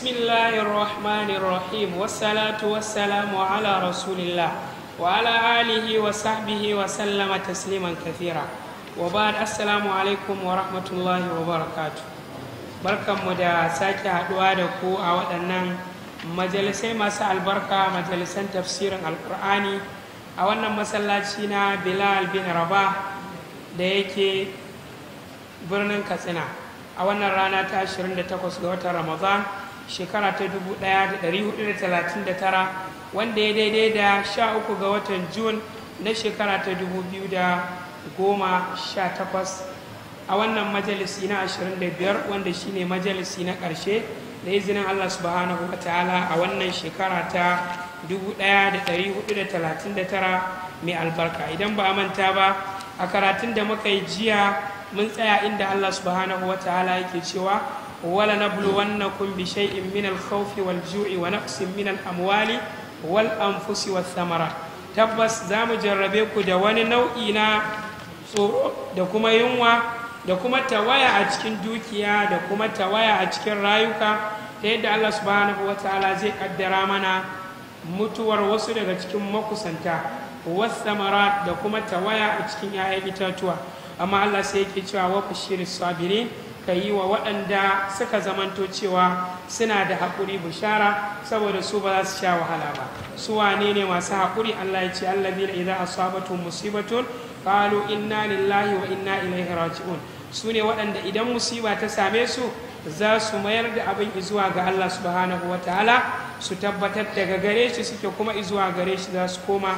Bismillahirrahmanirrahim wassalatu wassalamu ala rasulillah wa ala alihi wa sahbihi wa sallama tasliman kathira wa ba'd assalamu alaikum wa rahmatullahi wa barakatuh barkanmu da sake haduwa da ku a waɗannan majalisai masu albarka majalisan tafsirin alkur'ani a wannan masallaci na bilal bin rabah da yake birnin katsina a wannan rana ta 28 ga watan ramadan shekara ta 1439 wanda ya daidai da 13 ga watan jun na shekara ta 2018 a wannan majalisi na 25 wanda shine majalisi na ƙarshe da izinin allah subhanahu wa ta'ala a wannan shekara ta 1439 mai albarka idan ba a manta ba a karatun da muka yi jiya mun tsaya inda allah subhanahu wa ta'ala yake cewa ولنبلونكم بشيء من الخوف والجوع ونقص من الأموال والأنفس والثمرات tabbas za mu jarrabe ku da wani nau'i na tsoro da kuma yunwa da kuma tawaya a cikin dukiya da kuma tawaya a cikin rayuka ta yadda allah subhanahu wa ta'ala zai kaddara mana mutuwar wasu daga cikin makusanta wasu da kuma tawaya a cikin 'ya'yan itatuwa amma allah sai yake cewa wa ku shirin sabirin ka yi wa waɗanda suka zamanto cewa suna da haƙuri bishara saboda su ba za su sha wahala ba su wane ne masu haƙuri Allah ya ce allazina idza asabatu musibatun qalu inna lillahi wa inna ilaihi raji'un su ne waɗanda idan musiba ta same su za su mayar da abin izuwa ga Allah subhanahu wataala su tabbatar daga gare shi suke kuma izuwa gare shi za su koma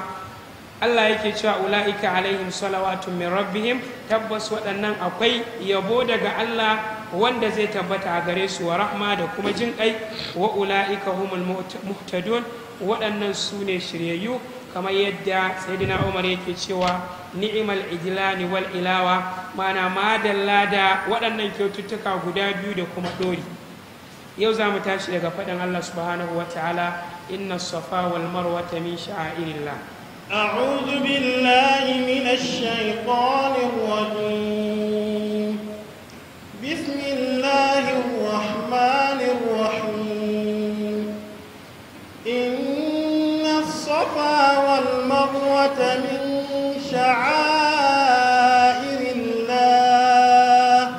Allah yake cewa ula'ika alaihim salawatun min rabbihim tabbas waɗannan akwai yabo daga Allah wanda zai tabbata a gare su wa rahma da kuma jin kai wa ula'ika humul muhtadun waɗannan su ne shiryayyu kamar yadda sayyidina Umar yake cewa ni'mal ijlani wal ilawa mana madalla da waɗannan kyaututtuka guda biyu da kuma dori yau za mu tashi daga faɗin Allah subhanahu wa ta'ala inna safa wal marwa min sha'airillah أعوذ بالله من الشيطان الرجيم بسم الله الرحمن الرحيم إن الصفا والمروة من شعائر الله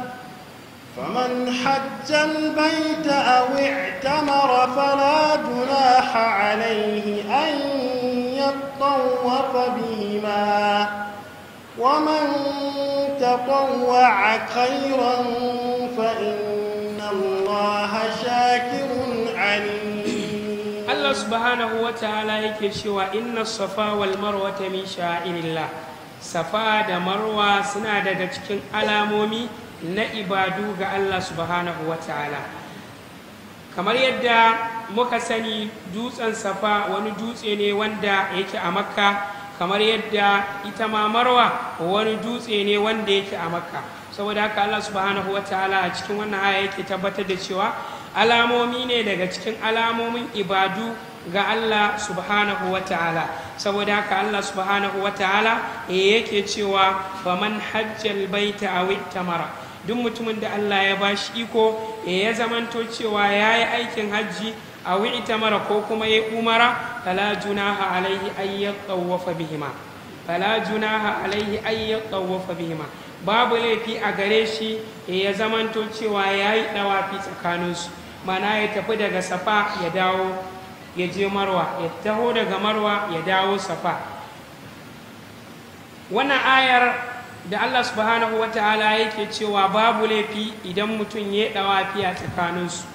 فمن حج البيت أو اعتمر فلا جناح عليه أن خاف بهما ومن تطوع خيرا فإن الله شاكر عليم Allah subhanahu wa ta'ala yake cewa inna safa wal marwa ta min sha'irillah safa da marwa suna daga cikin alamomi na ibadu ga Allah subhanahu ta'ala kamar yadda muka sani dutsen safa wani dutse ne wanda yake a makka kamar yadda ita mamarwa wani dutse ne wanda yake a makka saboda haka allah subhanahu wa ta'ala a cikin wannan aya yake tabbatar da cewa alamomi ne daga cikin alamomin ibadu ga allah subhanahu wa ta'ala saboda haka allah subhanahu wa ta'ala yake cewa faman hajjal baita a tamara duk mutumin da Allah ya ba shi iko eh, ya zamanto cewa ya yi aikin hajji a ta mara ko kuma ya umara fala junaha alaihi ayyar tsawafa bihima fala junaha alaihi ayyar tsawafa bihima babu laifi a gare shi eh, ya zamanto cewa ya yi ɗawafi tsakaninsu mana ya tafi daga safa ya dawo ya je marwa ya taho daga marwa ya dawo safa wannan ayar da Allah subhanahu wa ta'ala yake cewa babu laifi idan mutum ya dawa fiya tsakaninsu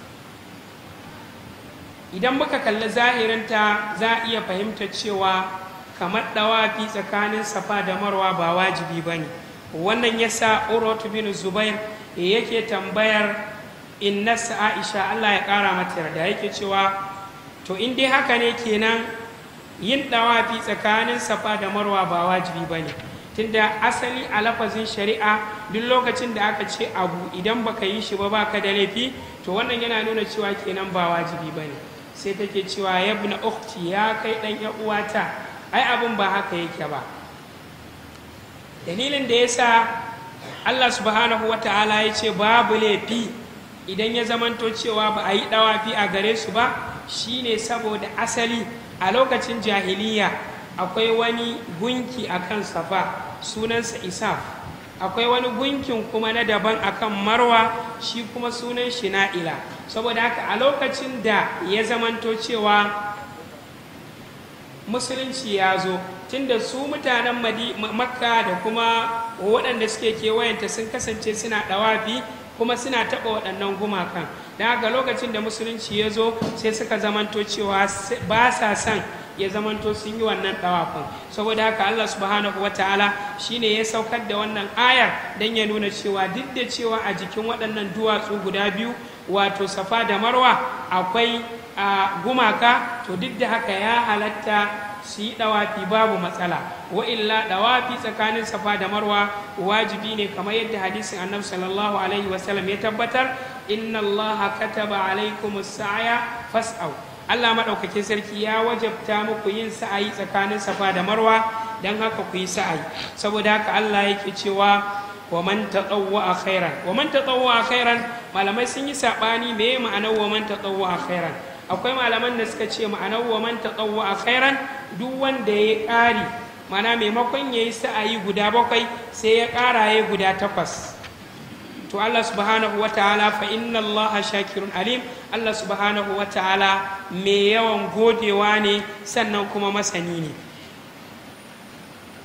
idan muka kalli zahirinta za a iya fahimta cewa kamar ɗawafi tsakanin safa da marwa ba wajibi ba ne wannan ya sa urot bin zubair yake tambayar innasa aisha allah ya kara mata yarda yake cewa to in dai haka ne kenan yin ɗawafi tsakanin safa da marwa ba wajibi ba ne tunda asali a lafazin shari'a duk lokacin da aka ce abu idan baka yi shi ba baka da laifi to wannan yana nuna cewa kenan ba wajibi bane sai take cewa yabna ukhti ya kai dan ya uwata ai abin ba haka yake ba dalilin da yasa Allah subhanahu wata'ala ya ce babu laifi idan ya zamanto cewa ba a yi dawafi a gare su ba shine saboda asali a lokacin jahiliya akwai wani gunki a kan safa sunansa isaf akwai wani gunkin kuma na daban akan marwa shi kuma sunan shi na'ila saboda haka a lokacin da ya zamanto cewa musulunci ya zo tunda su mutanen makka da kuma waɗanda suke kewayenta sun kasance suna ɗawafi kuma suna taɓa waɗannan gumakan da haka lokacin da musulunci ya zo sai suka zamanto cewa ba sa son ya zamanto sun yi wannan ɗawafin saboda haka Allah subhanahu wa ta'ala shine ya saukar da wannan ayar dan ya nuna cewa duk da cewa a jikin waɗannan duwatsu guda biyu wato safa da marwa akwai gumaka to duk da haka ya halatta su yi ɗawafi babu matsala wa illa ɗawafi tsakanin safa da marwa wajibi ne kamar yadda hadisin annabi sallallahu alaihi wasallam ya tabbatar inna allaha kataba alaikum saya fas'au Allah maɗaukakin sarki ya wajabta muku yin sa'ayi tsakanin safa da marwa don haka ku yi sa'ayi saboda haka Allah yake cewa wa man a khairan wa man a khairan malamai sun yi saɓani me ma'anar wa man a khairan akwai malaman da suka ce ma'anar wa man a khairan duk wanda ya ƙari mana maimakon yayi sa'ayi guda bakwai sai ya ƙara yayi guda takwas to Allah subhanahu wataala fa inna Allah shakirun alim Allah subhanahu ta'ala mai yawan godewa ne sannan kuma masani ne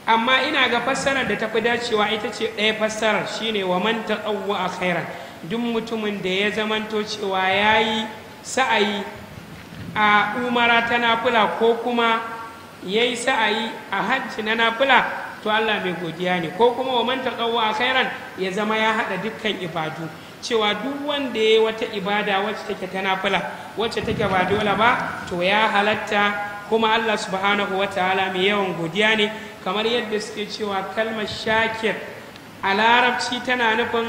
amma ina ga fassarar da tafi dacewa ita ce ɗaya fassarar shine wa man taqawwa khairan duk mutumin da ya zamanto cewa yayi sa'ayi a umara ta Nafula ko kuma yayi sa'ayi a hajji na Nafula. to Allah mai godiya ne ko kuma wa manta tsawo a kairan ya zama ya hada dukkan ibadu cewa duk wanda ya wata ibada wacce take ta nafila wacce take ba dole ba to ya halatta kuma Allah subhanahu wa ta'ala mai yawan godiya ne kamar yadda suke cewa kalmar shakir a larabci tana nufin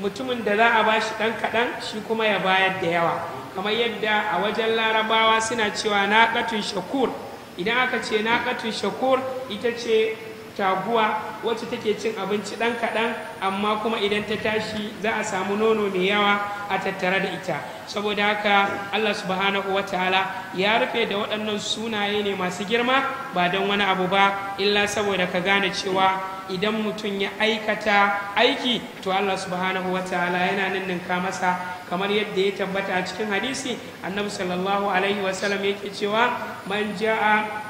mutumin da za a ba shi ɗan kaɗan shi kuma ya bayar da yawa kamar yadda a wajen larabawa suna cewa na katun shakur idan aka ce na katun shakur ita ce taguwa wacce take cin abinci ɗan kaɗan amma kuma idan ta tashi za a samu nono mai yawa a tattare da ita saboda haka allah subhanahu wa ta'ala ya rufe da waɗannan sunaye ne masu girma ba don wani abu ba illa saboda ka gane cewa idan mutum ya aikata aiki to allah subhanahu wa ta'ala yana ninninka masa kamar yadda ya tabbata a cikin hadisi annabi sallallahu alaihi wasallam yake cewa man ja'a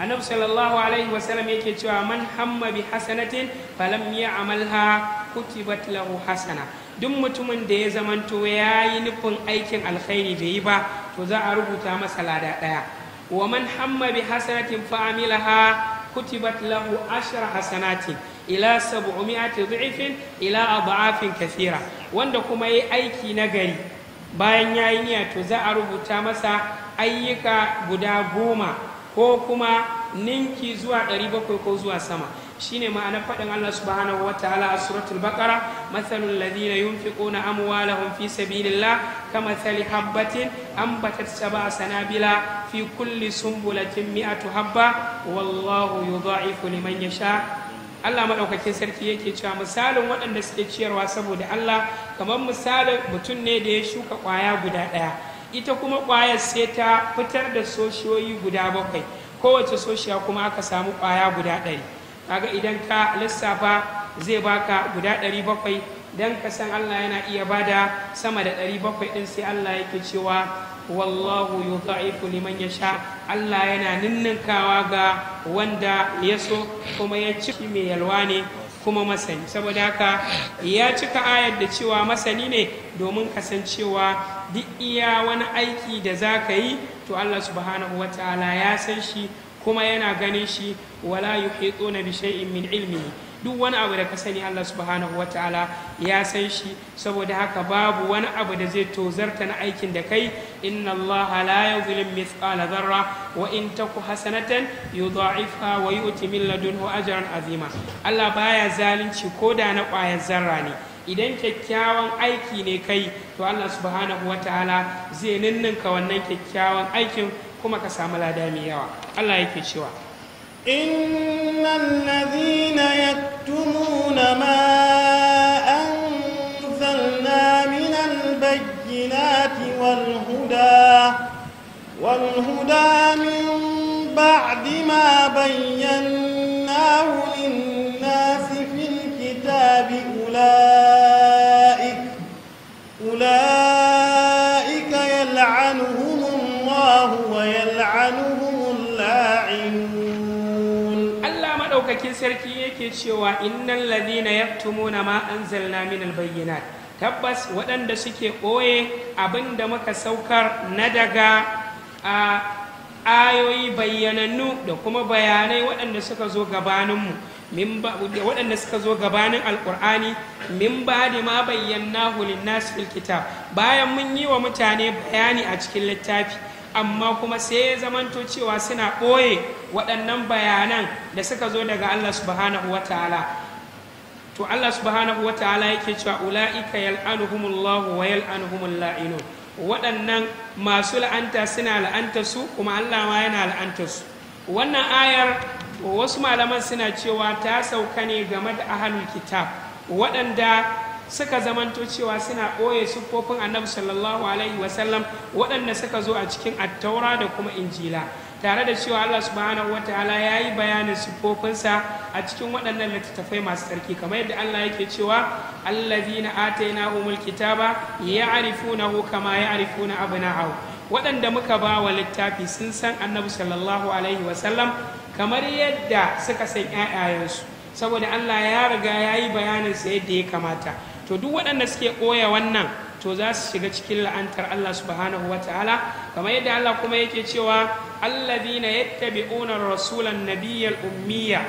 annabi sallallahu alaihi wasallam yake cewa man hamma bi hasanatin falam ya'malha kutibat lahu hasana duk mutumin da ya zamanto ya yi nufin aikin alkhairi bai yi ba to za a rubuta masa lada daya wa man hamma bi hasanatin fa amilaha kutibat lahu ashra hasanatin ila sab'umi'ati dhi'fin ila adha'afin kathira wanda kuma yayi aiki na gari bayan yayi niyya to za a rubuta masa ayyuka guda goma ko kuma ninki zuwa ɗari bakwai ko zuwa sama shine ma'ana faɗin Allah subhanahu wa ta'ala a suratul baqara mathalul ladina yunfiquna amwalahum fi sabilillah kamathali habbatin ambatat sab'a sanabila fi kulli sumbulatin mi'atu habba wallahu yudha'ifu liman yasha Allah maɗaukakin sarki yake cewa misalin waɗanda suke ciyarwa saboda Allah kamar misalin mutum ne da ya shuka ƙwaya guda ɗaya ita kuma kwayar sai ta fitar da soshiyoyi guda bakwai kowace soshiya kuma aka samu kwaya guda ɗari kaga idan ka lissafa zai baka guda ɗari bakwai don ka san allah yana iya bada sama da ɗari bakwai ɗin sai allah yake cewa wallahu yudha'ifu liman sha allah yana ninninkawa ga wanda ya so kuma ya ci mai yalwa ne kuma masani saboda haka ya cika ayar da cewa masani ne domin kasancewa duk iya wani aiki da za ka yi to allah subhanahu wa ta'ala ya san shi kuma yana ganin shi wala yuhituna bi shay'in min ilmihi duk wani abu da ka sani Allah subhanahu ta'ala ya san shi saboda haka babu wani abu da zai tozarta na aikin da kai inna Allah la yuzlim mithqala dharra wa in taku hasanatan yudha'ifha wa yu'ti min ladunhu ajran azima Allah baya zalunci ko da na ƙwayar zarra ne idan kyakkyawan aiki ne kai to Allah subhanahu ta'ala zai ninninka wannan kyakkyawan aikin kuma ka samu lada mai yawa Allah yake cewa إن الذين يكتمون ما أنزلنا من البينات والهدى والهدى من بعد ما بيناه للناس في الكتاب أولئك أولئك sarki yake cewa innan ladina na ma zalna min tabbas waɗanda suke ɓoye abin da muka saukar na daga a ayoyi bayyanannu da kuma bayanai waɗanda suka zo gabaninmu waɗanda suka zo gabanin alƙur'ani min ba da ma bayyana hulun nasu kitab bayan mun yi wa mutane bayani a cikin littafi amma kuma sai ya zamanto cewa suna ɓoye waɗannan bayanan da suka zo daga Allah subhanahu wa ta'ala to Allah subhanahu wa ta'ala yake cewa ula'ika yal'anuhumullahu wa yal'anuhumul la'inun waɗannan masu la'anta suna la'anta su kuma Allah ma yana la'anta su wannan ayar wasu malaman suna cewa ta sauka ne game da ahlul kitab waɗanda suka zamanto cewa suna ɓoye siffofin annabi sallallahu alaihi wasallam waɗanda suka zo a cikin attaura da kuma injila tare da cewa Allah subhanahu wa ta'ala ya yi bayanin siffofinsa a cikin waɗannan littattafai masu tsarki kamar yadda Allah yake cewa allazina atainahumul kitaba ya'rifunahu kama ya'rifuna abna'ahu waɗanda muka ba wa littafi sun san annabi sallallahu alaihi wasallam kamar yadda suka san 'ya'yayensu saboda Allah ya riga ya yi bayaninsa yadda ya kamata to duk waɗanda suke ɓoye wannan to za su shiga cikin la'antar Allah subhanahu wa ta'ala kamar yadda Allah kuma yake cewa allazina yattabi'una rasulan nabiyyal ummiya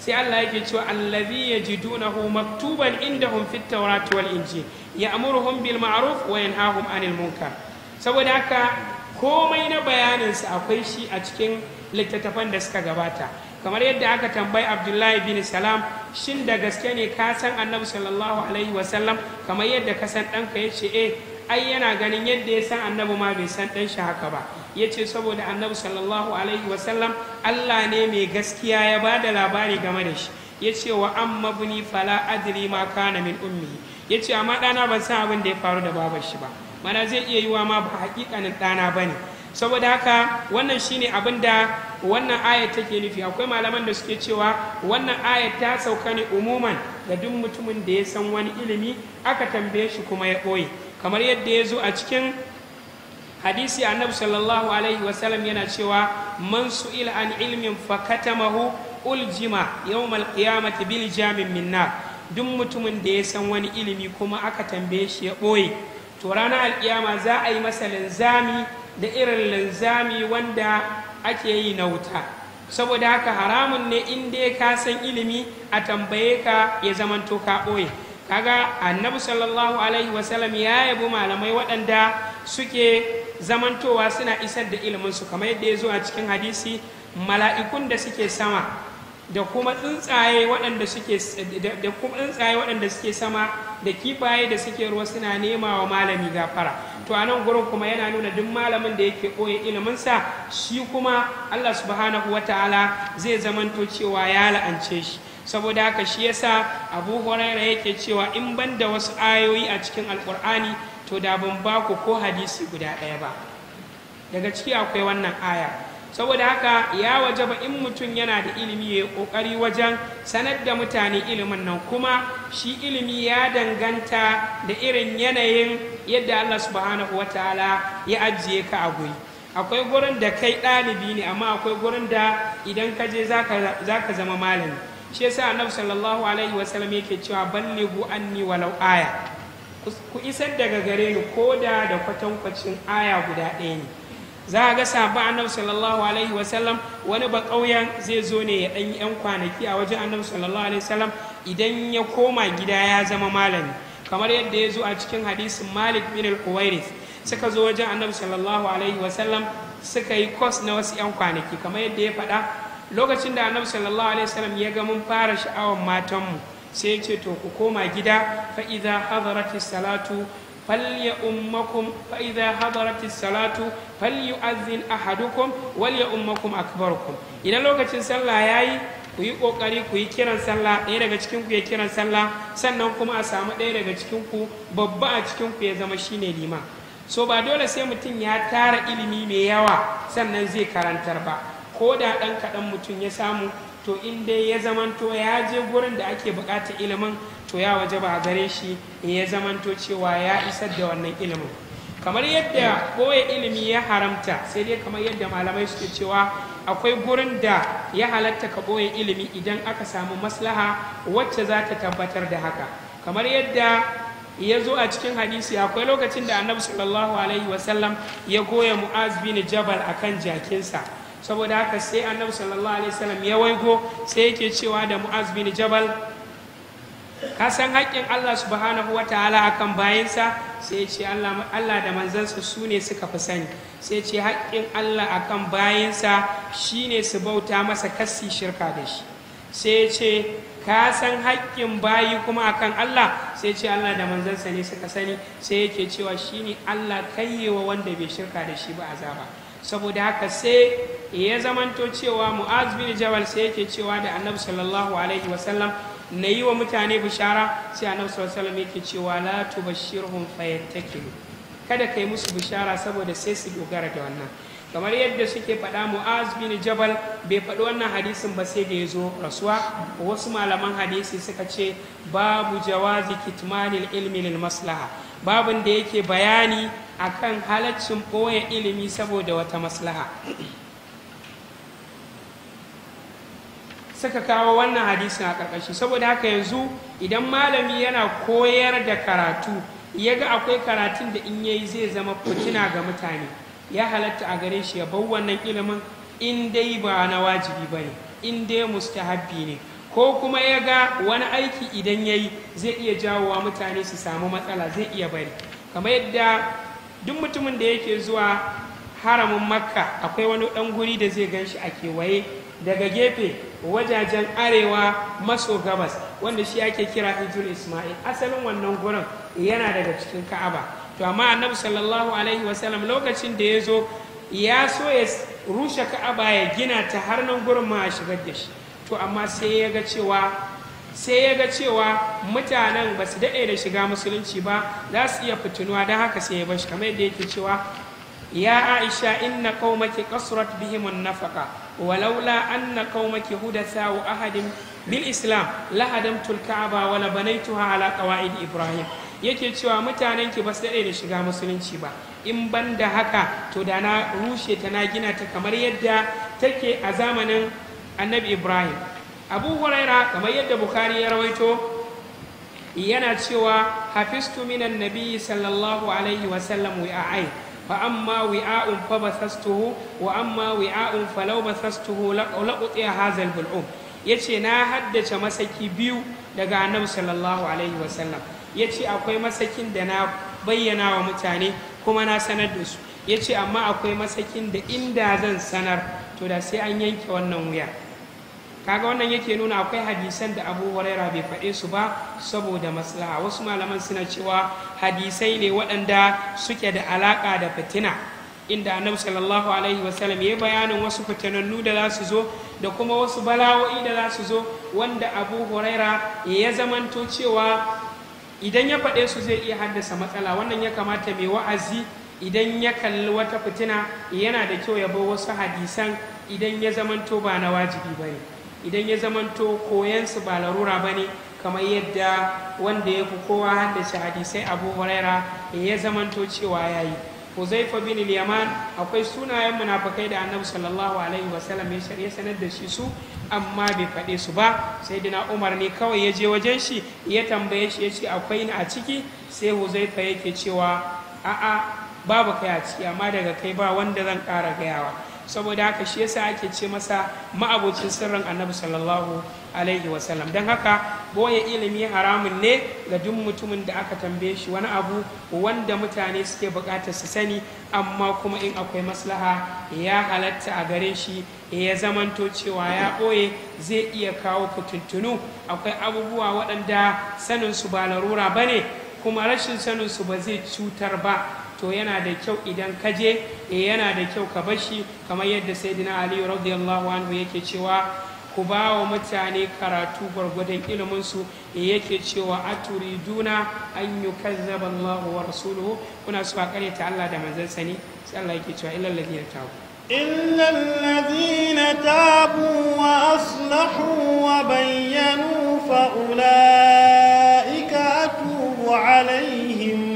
sai Allah yake cewa allazi yajidunahu maktuban indahum fit inji wal injil ya'muruhum bil ma'aruf wa yanhahum anil munkar saboda haka komai na bayanin bayaninsa akwai shi a cikin littattafan da suka gabata kamar yadda aka tambayi abdullahi bin salam shin da gaske ne ka san annabi sallallahu alaihi wasallam kamar yadda ka san ɗanka ya ce eh ai yana ganin yadda ya san annabi ma bai san ɗan shi haka ba ya ce saboda annabi sallallahu alaihi wasallam allah ne mai gaskiya ya ba da labari game da shi ya ce wa amma buni fala adri ma kana min ummi ya ce amma ɗana ban san abin da ya faru da babar shi ba mana zai iya yiwa ma ba haƙiƙanin ɗana ba ne saboda haka wannan shine abin da wannan ayat take nufi akwai malaman da suke cewa wannan ayat ta sauka ne umuman ga duk mutumin da ya san wani ilimi aka tambaye shi kuma ya ɓoye kamar yadda ya zo a cikin hadisi annabi sallallahu alaihi wasallam yana cewa man su'ila an ilmin fa katamahu uljima yawmal qiyamati bil jamin minna duk mutumin da ya san wani ilimi kuma aka tambaye shi ya ɓoye to ranar alkiyama za a yi masa linzami da irin linzami wanda ake yi na wuta saboda haka haramun ne inda dai ka san ilimi a tambaye ka ya zamanto ka ɓoye kaga annabi sallallahu alaihi wasallam ya yabi malamai waɗanda suke zamantowa suna isar da iliminsu kamar yadda ya zo a cikin hadisi mala'ikun da suke sama waɗanda suke da kuma tsuntsaye waɗanda suke sama da kifaye da suke ruwa suna nema wa malami gafara to a nan gurin kuma yana nuna duk malamin da yake ɓoye iliminsa shi kuma allah subhanahu wataala ta'ala zai zamanto cewa ya la'ance shi saboda haka shi yasa abu huraira yake cewa in banda wasu ayoyi a cikin alkur'ani to da ban ba ku ko hadisi guda ɗaya ba daga ciki akwai wannan aya saboda haka ya waje ba in mutum yana da ilimi ya kokari wajen sanar da mutane ilimin nan kuma shi ilimi ya danganta da irin yanayin yadda Allah subhanahu Tala ya ajiye ka a guri akwai gurin da kai ɗalibi ne amma akwai gurin da idan ka je za ka zama malami shi yasa annabi sallallahu alaihi wasallam yake cewa ballighu anni walau aya ku isar daga gare ni koda da kwatankwacin aya guda ɗaya ne za a ga sabu annabi sallallahu alaihi wasallam wani ba ƙauyen zai zo ne ya ɗan yan kwanaki a wajen annabi sallallahu alaihi wasallam idan ya koma gida ya zama malami kamar yadda ya zo a cikin hadisin malik bin al suka zo wajen annabi sallallahu alaihi wasallam suka yi kos na wasu yan kwanaki kamar yadda ya faɗa lokacin da annabi sallallahu alaihi wasallam ya ga mun fara sha'awar matanmu sai ya ce to ku koma gida fa idza hadarati salatu فليؤمكم فإذا حضرت الصلاة فليؤذن أحدكم وليؤمكم أكبركم إذا لو كنت صلى ياي ku yi ƙoƙari ku yi kiran sallah ɗaya daga cikin ku ya kiran sallah sannan kuma a samu ɗaya daga cikin ku babba a cikin ku ya zama shine liman so ba dole sai mutum ya tara ilimi mai yawa sannan zai karantar ba ko da ɗan kaɗan mutum ya samu to in dai ya zamanto ya je gurin da ake bukata ilimin to ya waje ba gare shi in ya zamanto cewa ya isar da wannan ilimin kamar yadda koya ilimi ya haramta sai dai kamar yadda malamai suke cewa akwai gurin da ya halatta ka koya ilimi idan aka samu maslaha wacce za ta tabbatar da haka kamar yadda ya zo a cikin hadisi akwai lokacin da annabi sallallahu alaihi wasallam ya goya mu'az bin jabal akan jakinsa saboda haka sai annabi sallallahu alaihi wasallam ya waigo sai yake cewa da mu'az bin jabal ka san haƙƙin Allah subhanahu wa ta'ala akan bayansa sai ce Allah da manzansa su ne suka fi sani sai ce haƙƙin Allah akan bayansa shine su bauta masa kassi shirka da shi sai ce ka san haƙƙin bayi kuma akan Allah sai ce Allah da manzansa ne suka sani sai yake cewa shine Allah kaiyewa wanda bai shirka da shi ba azaba saboda haka sai ya zamanto cewa mu'az bin jabal sai yake cewa da annabi sallallahu alaihi wasallam na yi wa mutane bishara sai annabi sallallahu alaihi wasallam yake cewa la tubashshirhum fayattakilu kada kai musu bishara saboda sai su dogara da wannan kamar yadda suke faɗa mu'az bin jabal bai faɗi wannan hadisin ba sai da ya zo rasuwa wasu malaman hadisi suka ce babu jawazi kitmanil ilmi lil maslaha babin da yake bayani a kan halaccin ɓoye ilimi saboda wata maslaha suka kawo wannan hadisin a ƙarƙashi saboda haka yanzu idan malami yana koyar da karatu ya ga akwai karatun da in yayi zai zama fitina ga mutane ya halatta a gare shi ya bau wannan ilimin in dai ba na wajibi ba ne in dai mustahabbi ne ko kuma ya ga wani aiki idan ya yi zai iya jawowa mutane su samu matsala zai iya bari kamar yadda duk mutumin da yake zuwa haramin makka akwai wani ɗan guri da zai gan shi a kewaye daga gefe wajajen arewa maso gabas wanda shi ake kira hijir ismail asalin wannan gurin yana daga cikin ka'aba to amma annabi sallallahu alaihi wasallam lokacin da ya zo ya so ya rushe ka'aba ya gina ta har nan gurin ma a shigar da shi to amma sai ya ga cewa sai ya ga cewa mutanen ba su daɗe da shiga musulunci ba za su iya fitinuwa don haka sai ya bashi kamar yadda yake cewa ya aisha inna qaumaki qasrat bihim an-nafaqa walaula anna qaumaki hudatha wa ahadin bil islam lahadamtul ka'aba wa labanaytuha ala qawaid ibrahim yake cewa mutanen ki ba su daɗe da shiga musulunci ba in ban da haka to da na rushe ta na gina ta kamar yadda take a zamanin annabi ibrahim abu huraira kamar yadda bukhari ya rawaito yana cewa hafistu minan nabi sallallahu alaihi wasallam ai fa amma a'un fa basastuhu wa amma wi'a'un fa law basastuhu la a hazal bul'um yace na haddace masaki biyu daga annabi sallallahu alaihi wasallam yace akwai masakin da na bayyana wa mutane kuma na sanar da su yace amma akwai masakin da inda zan sanar to da sai an yanke wannan wuya kaga wannan yake nuna akwai hadisan da abu huraira bai faɗe su ba saboda maslaha wasu malaman suna cewa hadisai ne waɗanda suke da alaƙa da fitina inda annabi sallallahu alaihi wasallam ya bayanin wasu fitanannu da za su zo da kuma wasu bala'o'i da za su zo wanda abu huraira ya zamanto cewa idan ya faɗe su zai iya haddasa matsala wannan ya kamata mai wa'azi idan ya kalli wata fitina yana da kyau ya bar wasu hadisan idan ya zamanto ba na wajibi ba ne idan ya zamanto koyansu ba larura ba ne kamar yadda wanda ya fi kowa shi hadisai abu huraira ya zamanto cewa ya yi huzaifa bin yaman akwai sunayen munafakai da annabi sallallahu alaihi wasallam ya shirya sanar da shi su amma bai faɗe su ba sai dina umar ne kawai ya je wajen shi ya tambaye shi ya ce akwai ni a ciki sai huzaifa yake cewa a'a babu kai a ciki amma daga kai ba wanda zan ƙara gayawa saboda haka shi yasa ake ce masa ma'abocin sirrin annabi sallallahu alaihi wasallam don haka boye ilimi haramun ne ga duk mutumin da aka tambaye shi wani abu wanda mutane suke bukatar su sani amma kuma in akwai maslaha ya halatta a gare shi ya zamanto cewa ya ɓoye zai iya kawo fitintunu akwai abubuwa waɗanda saninsu ba larura ba ne kuma rashin saninsu ba zai cutar ba to yana da kyau idan ka je e yana da kyau ka bashi kamar yadda sayyidina ali radiyallahu anhu yake cewa ku ba wa mutane karatu gwargwadon iliminsu e yake cewa aturiduna an yukazzaba Allahu wa rasuluhu kuna so a karyata Allah da manzansa sani sai Allah yake cewa illal ladina tabu illal ladina tabu wa aslahu wa bayyanu fa ulaika atubu alaihim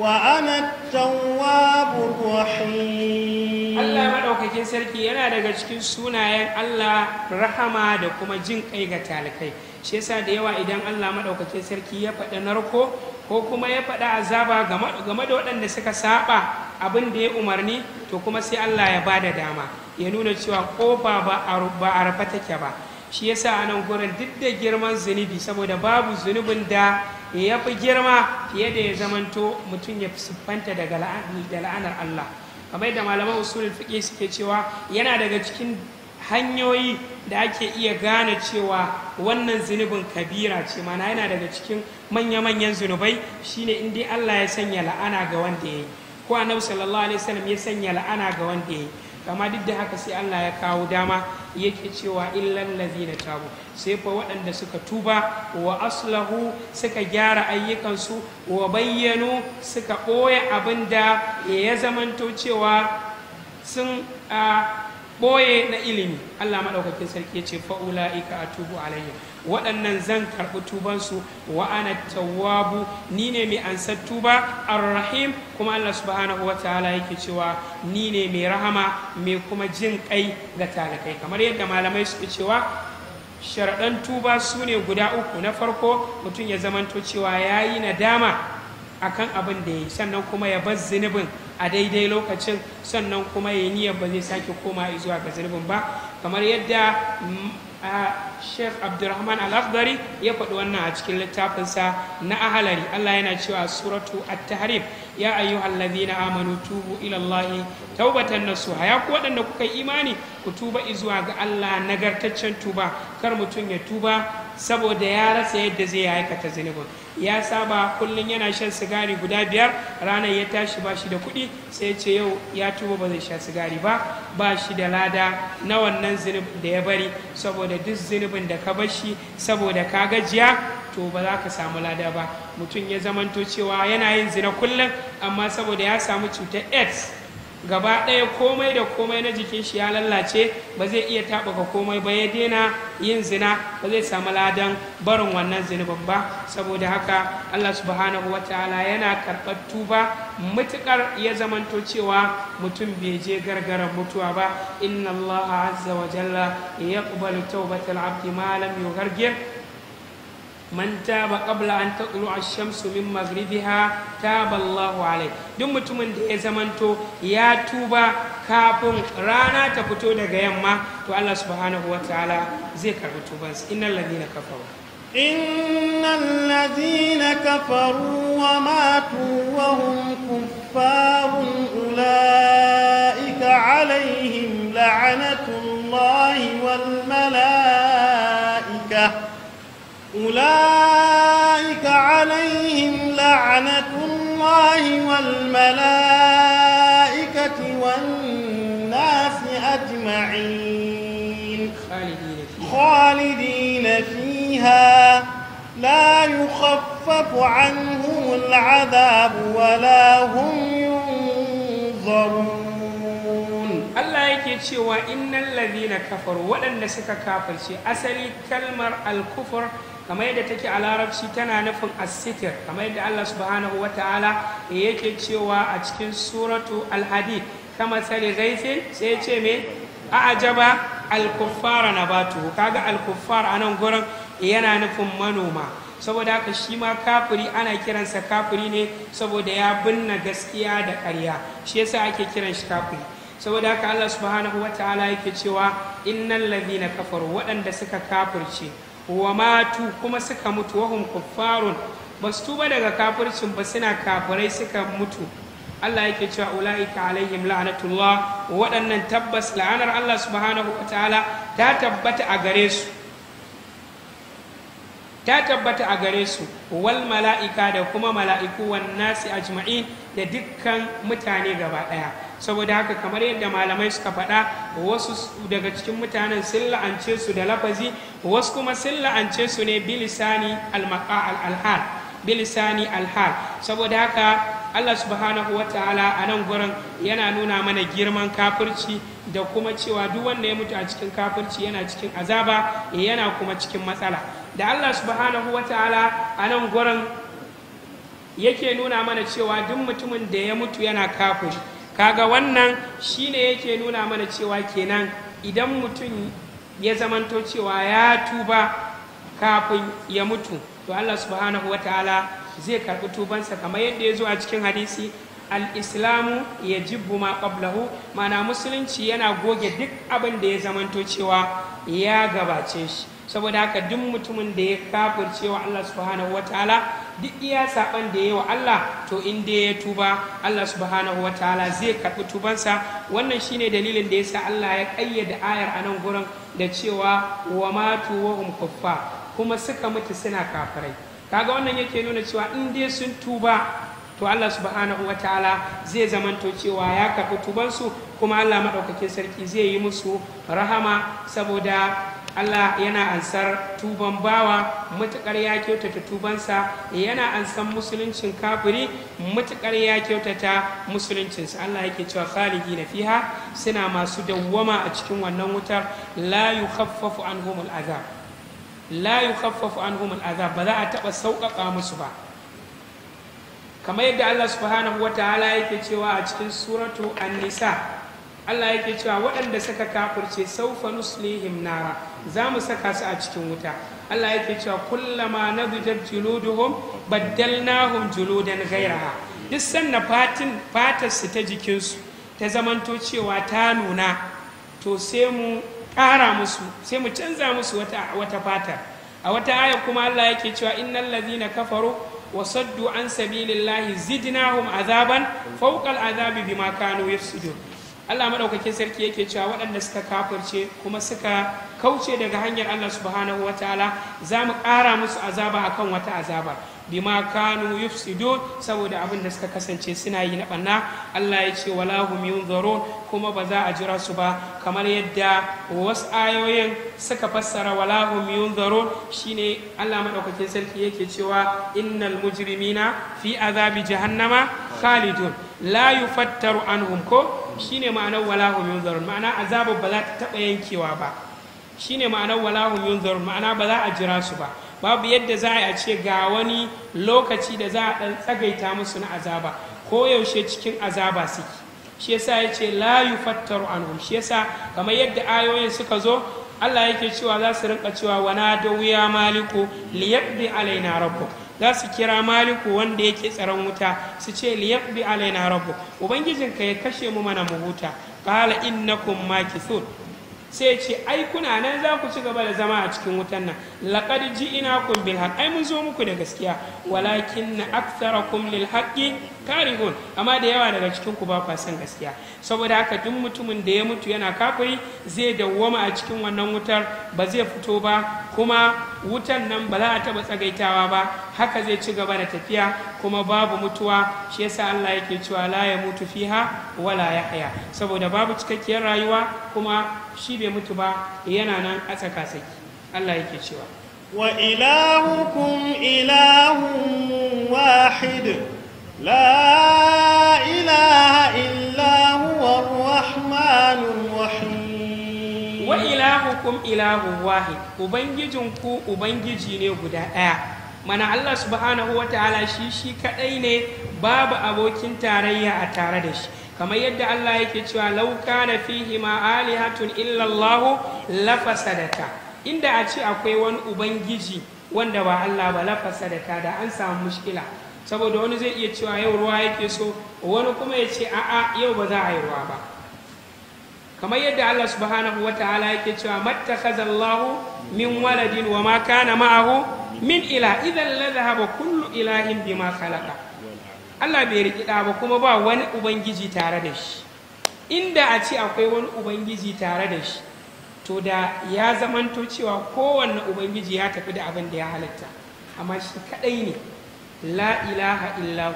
وأنا التواب الرحيم الله مدوكاكين yana daga cikin sunayen Allah rahama da kuma jin kai ga talikai shi yasa da yawa idan Allah maɗaukakin sarki ya faɗi narko ko kuma ya faɗa azaba game da waɗanda suka saba abin da ya umarni to kuma sai Allah ya ba da dama ya nuna cewa kofa ba a rufe take ba shi ya a nan gurin duk da girman zunubi saboda babu zunubin da ya fi girma fiye da ya zamanto mutum ya siffanta daga la'anar Allah kamar yadda malaman usulul fiqh suke cewa yana daga cikin hanyoyi da ake iya gane cewa wannan zunubin kabira ce mana yana daga cikin manya-manyan zunubai shine in dai Allah ya sanya la'ana ga wanda ya yi ko annabi sallallahu alaihi wasallam ya sanya la'ana ga wanda ya yi amma duk da haka sai Allah ya kawo dama yake cewa illal na tabu sai fa waɗanda suka tuba wa aslahu suka gyara ayyukansu wa bayyanu suka ɓoye abin da ya zamanto cewa sun ɓoye na ilimi Allah maɗaukakin sarki ya ce fa'ula'ika tubu alaihim waɗannan zan karɓi tubansu wa ana tawabu ni ne mai ansar tuba arrahim kuma Allah subhanahu wa ta'ala yake cewa ni ne mai rahama mai kuma jin kai ga talakai kamar yadda malamai suke cewa sharaɗan tuba su ne guda uku na farko mutum ya zamanto cewa ya yi nadama kan abin da ya yi sannan kuma ya bar zunubin a daidai lokacin sannan kuma ya yi niyyar ba zai sake koma zuwa ga zunubin ba kamar yadda a sheikh abdurrahman al-akhdari ya faɗi wannan a cikin littafinsa na ahalari allah yana cewa suratu at-tahrim ya na amanu tubu ila allahi taubatan nasuha ya ku waɗanda kuka yi imani ku tuba izuwa ga allah nagartaccen tuba kar mutum ya tuba saboda ya rasa yadda zai aikata zunubin ya saba kullum yana shan sigari guda biyar ranar ya tashi ba shi da kuɗi sai ce yau ya tuba ba zai sha sigari ba ba shi da lada na wannan zunubin da ya bari saboda duk zunubin da ka bar shi saboda ka gajiya to ba za ka samu lada ba mutum ya zamanto cewa yana yin zina kullum amma saboda ya samu cutar aids gaba ɗaya komai da komai na jikin shi ya lallace ba zai iya taɓuka komai ba ya daina yin zina ba zai samu ladan barin wannan zunubin ba saboda haka allah subhanahu wa ta'ala yana karɓar tuba matuƙar ya zamanto cewa mutum bai je gargaran mutuwa ba inna allaha azza wa jalla ya ƙubalu taubatal abdi malam yugargir من تاب قبل أن تطلع الشمس من مغربها تاب الله عليه دم تمن دي زمانتو يا توبا كابون رانا تفوتو دغا يما تو الله سبحانه وتعالى زي كربو ان الذين كفروا ان الذين كفروا وماتوا وهم كفار اولئك عليهم لعنه الله والملائكه أولئك عليهم لعنة الله والملائكة والناس أجمعين خالدين فيها لا يخفف عنهم العذاب ولا هم ينظرون الله yake cewa الذين كفروا ولن waɗanda كافر شيء أسري kalmar الكفر kamar yadda take a larabci tana nufin asitir kamar yadda Allah subhanahu wa ta'ala yake cewa a cikin suratu al-hadi kama matsali zaitin sai ce me a ajaba alkuffara na batu kaga alkuffar a nan gurin yana nufin manoma saboda haka shi ma kafiri ana kiransa kafuri ne saboda ya binne gaskiya da ƙarya shi yasa ake kiran shi kafiri saboda haka Allah subhanahu wa ta'ala yake cewa innal ladhina kafaru waɗanda suka kafirce wa matu kuma suka mutu wahum kuffarun ba su tuba daga kafircin ba suna kafirai suka mutu Allah yake cewa ula'ika alaihim la'anatullah waɗannan tabbas la'anar Allah subhanahu wa ta'ala ta tabbata a gare su ta tabbata a gare su wal mala'ika da kuma mala'iku nasi ajma'in da dukkan mutane gaba ɗaya saboda haka kamar yadda malamai suka faɗa wasu daga cikin mutanen sun la'ance su da lafazi wasu kuma sun la'ance su ne bilisani al alhal bilisani alhal saboda haka Allah subhanahu wa ta'ala a nan gurin yana nuna mana girman kafirci da kuma cewa duk wanda ya mutu a cikin kafirci yana cikin azaba yana kuma cikin matsala da Allah subhanahu wa ta'ala a nan gurin yake nuna mana cewa duk mutumin da ya mutu yana kafin kaga wannan shi ne yake nuna mana cewa kenan idan mutum ya zamanto cewa ya tuba kafin ya mutu to Allah subhanahu wa ta'ala zai karɓi tubansa kamar yadda ya zo a cikin hadisi al'islamu ya jibbu ma ƙablahu mana musulunci yana goge duk abin da ya zamanto cewa ya gabace shi saboda haka duk mutumin da ya kafirce wa Allah subhanahu ta'ala duk iya saban da yi wa Allah to inda ya tuba Allah subhanahu ta'ala zai karɓi tubansa wannan shine dalilin da ya sa Allah ya ƙayyada ayar a nan gurin da cewa wa matu wa kuffa kuma suka mutu suna kafirai kaga wannan yake nuna cewa in dai sun tuba to Allah subhanahu wa ta'ala zai zamanto cewa ya karɓi tubansu kuma Allah maɗaukakin sarki zai yi musu rahama saboda Allah yana ansar tuban bawa matuƙar ya kyautata tubansa yana ansan musuluncin kafiri matuƙar ya kyautata musuluncinsa Allah yake cewa khalidi na fiha suna masu dawwama a cikin wannan wutar la yukhaffafu anhum al'azab la yukhaffafu anhum al'azab ba za a taɓa sauƙaƙa musu ba kamar yadda Allah subhanahu wataala yake cewa a cikin suratu an-nisa Allah yake cewa waɗanda suka kafirce saufa nuslihim nara za mu saka su a cikin wuta Allah yake cewa kullama nadijat juluduhum baddalnahum juludan gairaha duk sanna fatin fatar su ta jikinsu ta zamanto cewa ta nuna to sai mu ƙara musu sai mu canza musu wata wata fatar a wata aya kuma Allah yake cewa innal ladina kafaru wa saddu an sabilillahi zidnahum azaban fawqal azabi bima kanu yafsudun Allah madaukakin sarki yake cewa waɗanda suka kafirce kuma suka kauce daga hanyar Allah subhanahu ta'ala za mu ƙara musu azaba akan wata azaba bima kanu yufsidun saboda abin da suka kasance suna yi na banna Allah ya ce wala hum kuma ba za a jira su ba kamar yadda wasu ayoyin suka fassara wala hum yunzarun shine Allah madaukakin sarki yake cewa innal mujrimina fi azabi jahannama khalidun la yufattaru anhum ko shine ma'anar wala hum yunzarun ma'ana azabu ba za ta taba yankewa ba shine ma'anar wala hum yunzarun ma'ana ba za a jira su ba babu yadda za a ce ga wani lokaci da za a ɗan tsagaita musu na azaba ko yaushe cikin azaba suke shi yasa ya ce la fattar anhum shi yasa kamar yadda ayoyin suka zo Allah yake cewa za su rinka cewa wana da wuya maliku liyabdi alaina rabbu za su kira maliku wanda yake tsaron wuta su ce liyabdi alaina rabbu ubangijinka ya kashe mu mana mu huta qala innakum makithun sai ce ai kuna nan za ku ci gaba da zama a cikin wutan nan laqad ji'inakum bil haqq ai mun zo muku da gaskiya walakin aktharakum lil haqqi tarihun amma da yawa daga cikin ku ba kwa son gaskiya saboda haka duk mutumin da ya mutu yana kafiri zai dawwama a cikin wannan wutar ba zai fito ba kuma wutan nan ba za a taba tsagaitawa ba haka zai ci gaba da tafiya kuma babu mutuwa shi yasa Allah yake cewa la ya mutu fiha wala yahya saboda babu cikakkiyar rayuwa kuma shi bai mutu ba yana nan a tsakasaki saki Allah yake cewa wa ilahukum ilahun wahid لا إله إلا هو الرحمن الرحيم وإلهكم إله واحد وبنجيجنكو غدا mana Allah subhanahu wa ta'ala shi shi kaɗai ne babu abokin tarayya a tare da shi kamar yadda Allah yake cewa lauka na fihi ma alihatun illallahu ta. inda a ce akwai wani ubangiji wanda ba Allah ba lafasadata da an samu mushkila saboda wani zai iya cewa yau ruwa yake so wani kuma ya ce a'a yau ba za a yi ruwa ba kamar yadda Allah subhanahu wa ta'ala yake cewa mattakhadha Allahu min waladin wa ma kana ma'ahu min ila idan la dhahaba kullu ilahin bima khalaqa Allah bai riki da ba kuma ba wani ubangiji tare da shi inda a ce akwai wani ubangiji tare da shi to da ya zamanto cewa kowanne ubangiji ya tafi da abin da ya halatta amma shi kadai ne la ilaha illa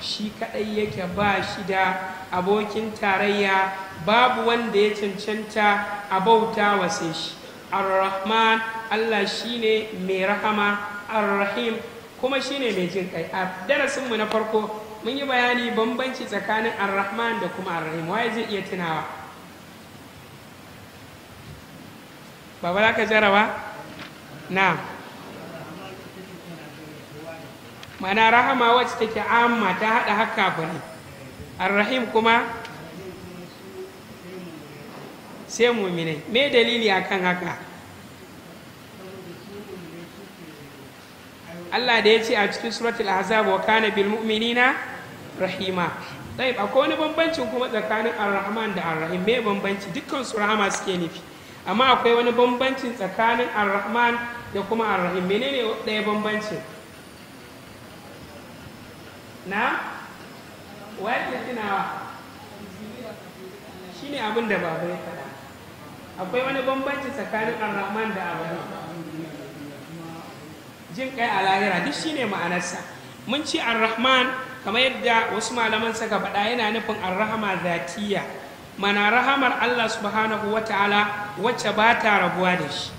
shi kaɗai yake ba shi da abokin tarayya babu wanda ya cancanta a bauta wa sai shi ar-rahman Allah shi ne mai rahama ar-rahim kuma shi ne mai jin kai a darasinmu na farko mun yi bayani bambanci tsakanin ar-rahman da kuma ar-rahim waye zai iya tunawa baba za ka jaraba na'am mana rahama wacce take amma ta haɗa haka bane arrahim kuma sai muminai me dalili akan haka Allah da ya ce a cikin suratul ahzab wa kana bil mu'minina rahima dai akwai wani bambanci kuma tsakanin arrahman da arrahim me bambanci dukkan su rahama suke nufi amma akwai wani bambanci tsakanin arrahman da kuma arrahim menene ɗaya bambancin na wa yake tunawa shi ne abin da babu ya faɗa akwai wani bambanci tsakanin al-Rahman da abu jin kai a lahira duk shi ne ma'anarsa mun ce arrahman kamar yadda wasu malaman suka faɗa yana nufin arrahama zatiya mana rahamar Allah subhanahu wa ta'ala wacce ba ta rabuwa da shi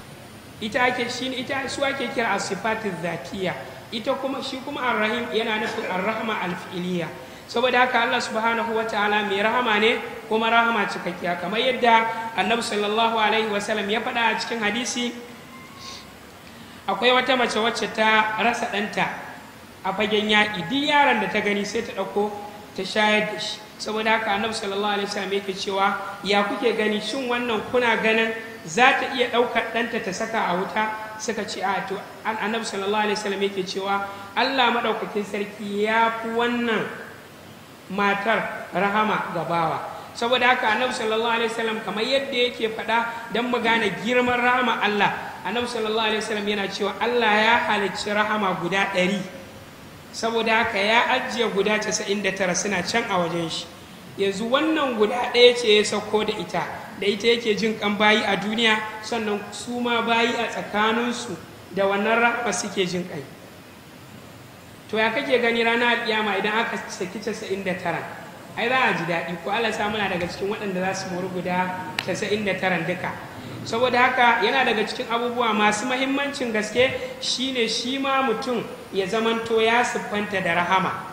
ita ake shi ita su ake kira asifatin zatiya ita kuma shi kuma arrahim yana nufin ar-rahma alfi'iliya saboda haka Allah subhanahu wa ta'ala mai rahama ne kuma rahama cikakkiya kamar yadda annabi sallallahu alaihi wa sallam ya faɗa a cikin hadisi akwai wata mace wacce ta rasa ɗanta a fagen yaƙi duk yaron da ta gani sai ta ɗauko ta shayar da shi saboda haka annabi sallallahu alaihi wa sallam yake cewa ya kuke gani shin wannan kuna ganin za ta iya ɗaukar ɗanta ta saka a wuta suka ce a to an annabi sallallahu alaihi wasallam yake cewa Allah maɗaukakin sarki ya fi wannan matar rahama ga bawa saboda haka annabi sallallahu alaihi wasallam kamar yadda yake faɗa don mu gane girman rahama Allah annabi sallallahu alaihi wasallam yana cewa Allah ya halicci rahama guda ɗari saboda haka ya ajiye guda casa'in da tara suna can a wajen shi yanzu wannan guda ɗaya ce ya sauko da ita da ita yake jin kan bayi a duniya sannan su ma bayi a tsakaninsu da wannan rahama suke jin kai to ya kake gani rana alkiyama idan aka saki casa'in da tara ai za a ji daɗi ko Allah sa muna daga cikin waɗanda za su mori guda casa'in da taran duka saboda haka yana daga cikin abubuwa masu mahimmancin gaske shine shi ma mutum ya zamanto ya siffanta da rahama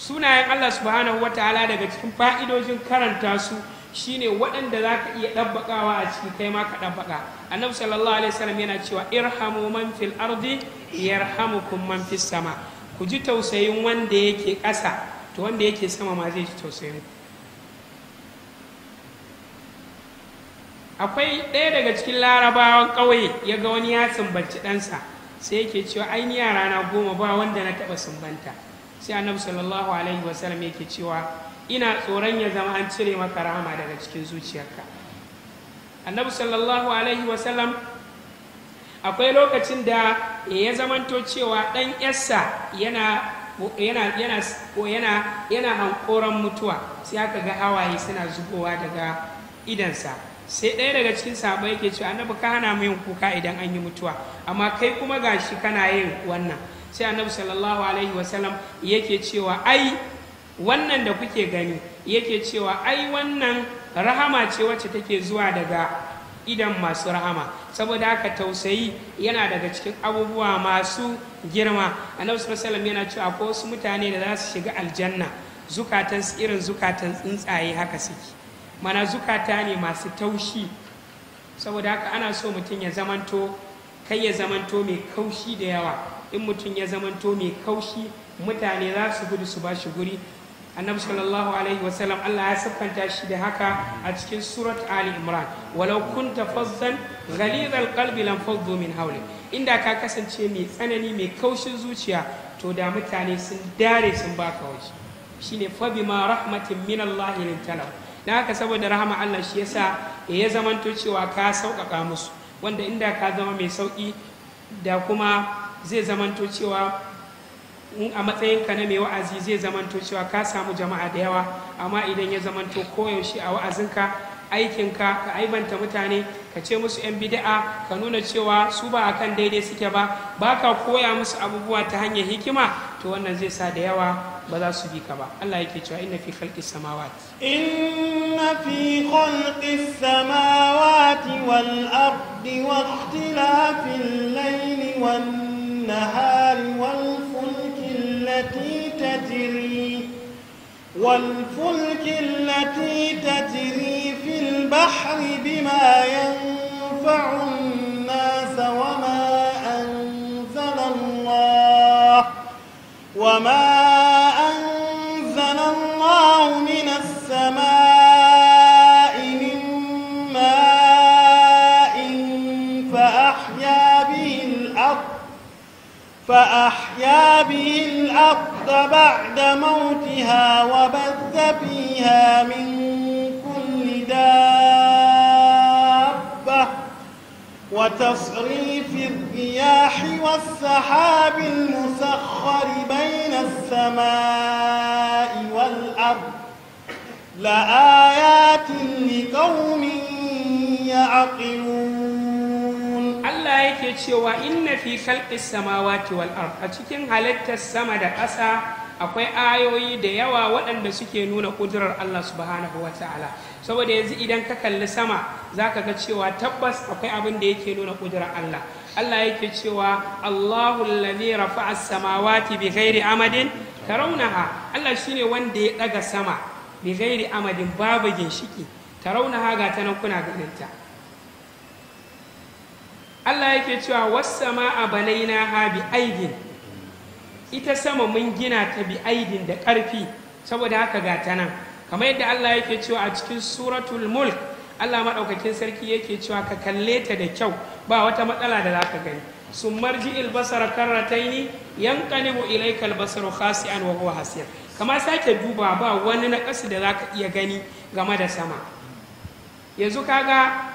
sunayen Allah subhanahu wataala daga cikin fa'idojin karanta su shine waɗanda za ka iya ɗabbaƙawa a cikin kai ma ka ɗabbaƙa annabi sallallahu alaihi wasallam yana cewa irhamu man fil ardi yarhamukum man fis sama ku ji tausayin wanda yake ƙasa to wanda yake sama ma zai ji tausayin ku akwai ɗaya daga cikin larabawan ƙauye ya ga wani ya sumbanci ɗansa sai yake cewa ai na goma ba wanda na taɓa sumbanta sai annabi sallallahu alaihi wasallam yake cewa ina tsoron ya zama an cire maka rahama daga cikin zuciyarka annabi sallallahu alaihi wasallam akwai lokacin da ya zamanto cewa ɗan yassa yana yana yana yana yana hankoran mutuwa sai aka ga hawaye suna zubowa daga idansa sai ɗaya daga cikin sabo yake cewa annabi ka hana mu yin kuka idan an yi mutuwa amma kai kuma gashi kana yin wannan sai annabi sallallahu alaihi wasallam yake cewa ai wannan da kuke gani yake cewa ai wannan rahama ce wacce take zuwa daga idan masu rahama saboda haka tausayi yana daga cikin abubuwa masu girma annabi sallallahu yana cewa ko wasu mutane da za su shiga aljanna zukatan irin zukatan tsuntsaye haka suke mana zukata ne masu taushi saboda haka ana so mutum ya zamanto kai ya zamanto mai kaushi da yawa in mutum ya zamanto mai kaushi mutane za su gudu su ba shi guri annabi sallallahu alaihi wasallam Allah ya siffanta shi da haka a cikin surat Ali Imran walau kunta fazzan ghalid alqalbi lam min hawli inda ka kasance mai tsanani mai kaushin zuciya to da mutane sun dare sun baka waje shine fa bima rahmatin min Allah lintalahu dan haka saboda rahama Allah shi yasa ya zamanto cewa ka sauƙaƙa musu wanda inda ka zama mai sauƙi da kuma zai zamanto cewa a ka na mai wa'azi zai zamanto cewa ka samu jama'a da yawa amma idan ya zamanto koyaushe a wa'azinka aikinka ka aibanta mutane ka ce musu 'yan bida'a ka nuna cewa su ba a kan daidai suke ba ba ka koya musu abubuwa ta hanyar hikima to wannan zai sa da yawa ba za su bi ka ba Allah yake cewa inna fi khalqis samawati inna fi khalqis samawati wal ardi wa ikhtilafil layli wan النهار والفلك التي تجري والفلك التي تجري في البحر بما ينفع الناس وما أنزل الله وما أنزل فأحيا به الأرض بعد موتها وبث فيها من كل دابة وتصريف الرياح والسحاب المسخر بين السماء والأرض لآيات لقوم يعقلون Allah yake cewa inna fi khalqis samawati wal ard a cikin halittar sama da ƙasa akwai ayoyi da yawa waɗanda suke nuna ƙudurar Allah subhanahu ta'ala saboda yanzu idan ka kalli sama za ka ga cewa tabbas akwai abin da yake nuna ƙudurar Allah Allah yake cewa Allahu allazi rafa'a samawati bi ghairi amadin tarawnaha Allah shine wanda ya daga sama bi ghairi amadin babu ginshiki tarawnaha ga tanan kuna ganin Allah yake cewa ma a banai na bi aidin ita sama mun gina ta bi aidin da ƙarfi saboda haka ga ta nan kamar yadda Allah yake cewa a cikin suratul mulk Allah maɗaukakin sarki yake cewa ka kalle ta da kyau ba wata matsala da za ka gani sun marji ilbasar karrataini ilai kalbasar albasaru an wa huwa hasiyar kama sake duba ba wani na ƙasa da za ka iya gani game da sama yanzu kaga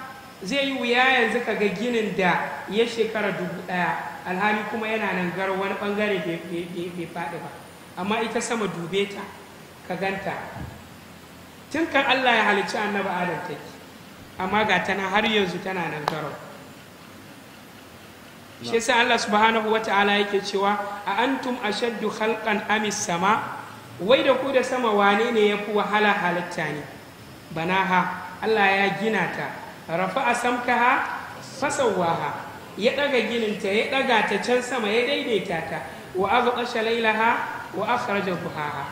zai yi wuya yanzu ka ga ginin da ya shekara dubu ɗaya alhali kuma yana nan gar wani ɓangare bai faɗi ba amma ita sama dube ta ka ganta tun kan allah ya halicci annabi adam take amma ga tana har yanzu tana nan garau shi sai allah subhanahu wa ta'ala yake cewa a antum ashaddu halkan amis sama wai da ku da sama wane ne ya fi wahala halitta ne ha, allah ya gina ta rafa a samkaha fasawaha ya daga gininta ya ɗaga ta can sama ya daidaita ta wa aghqasha lailaha wa akhraja duhaha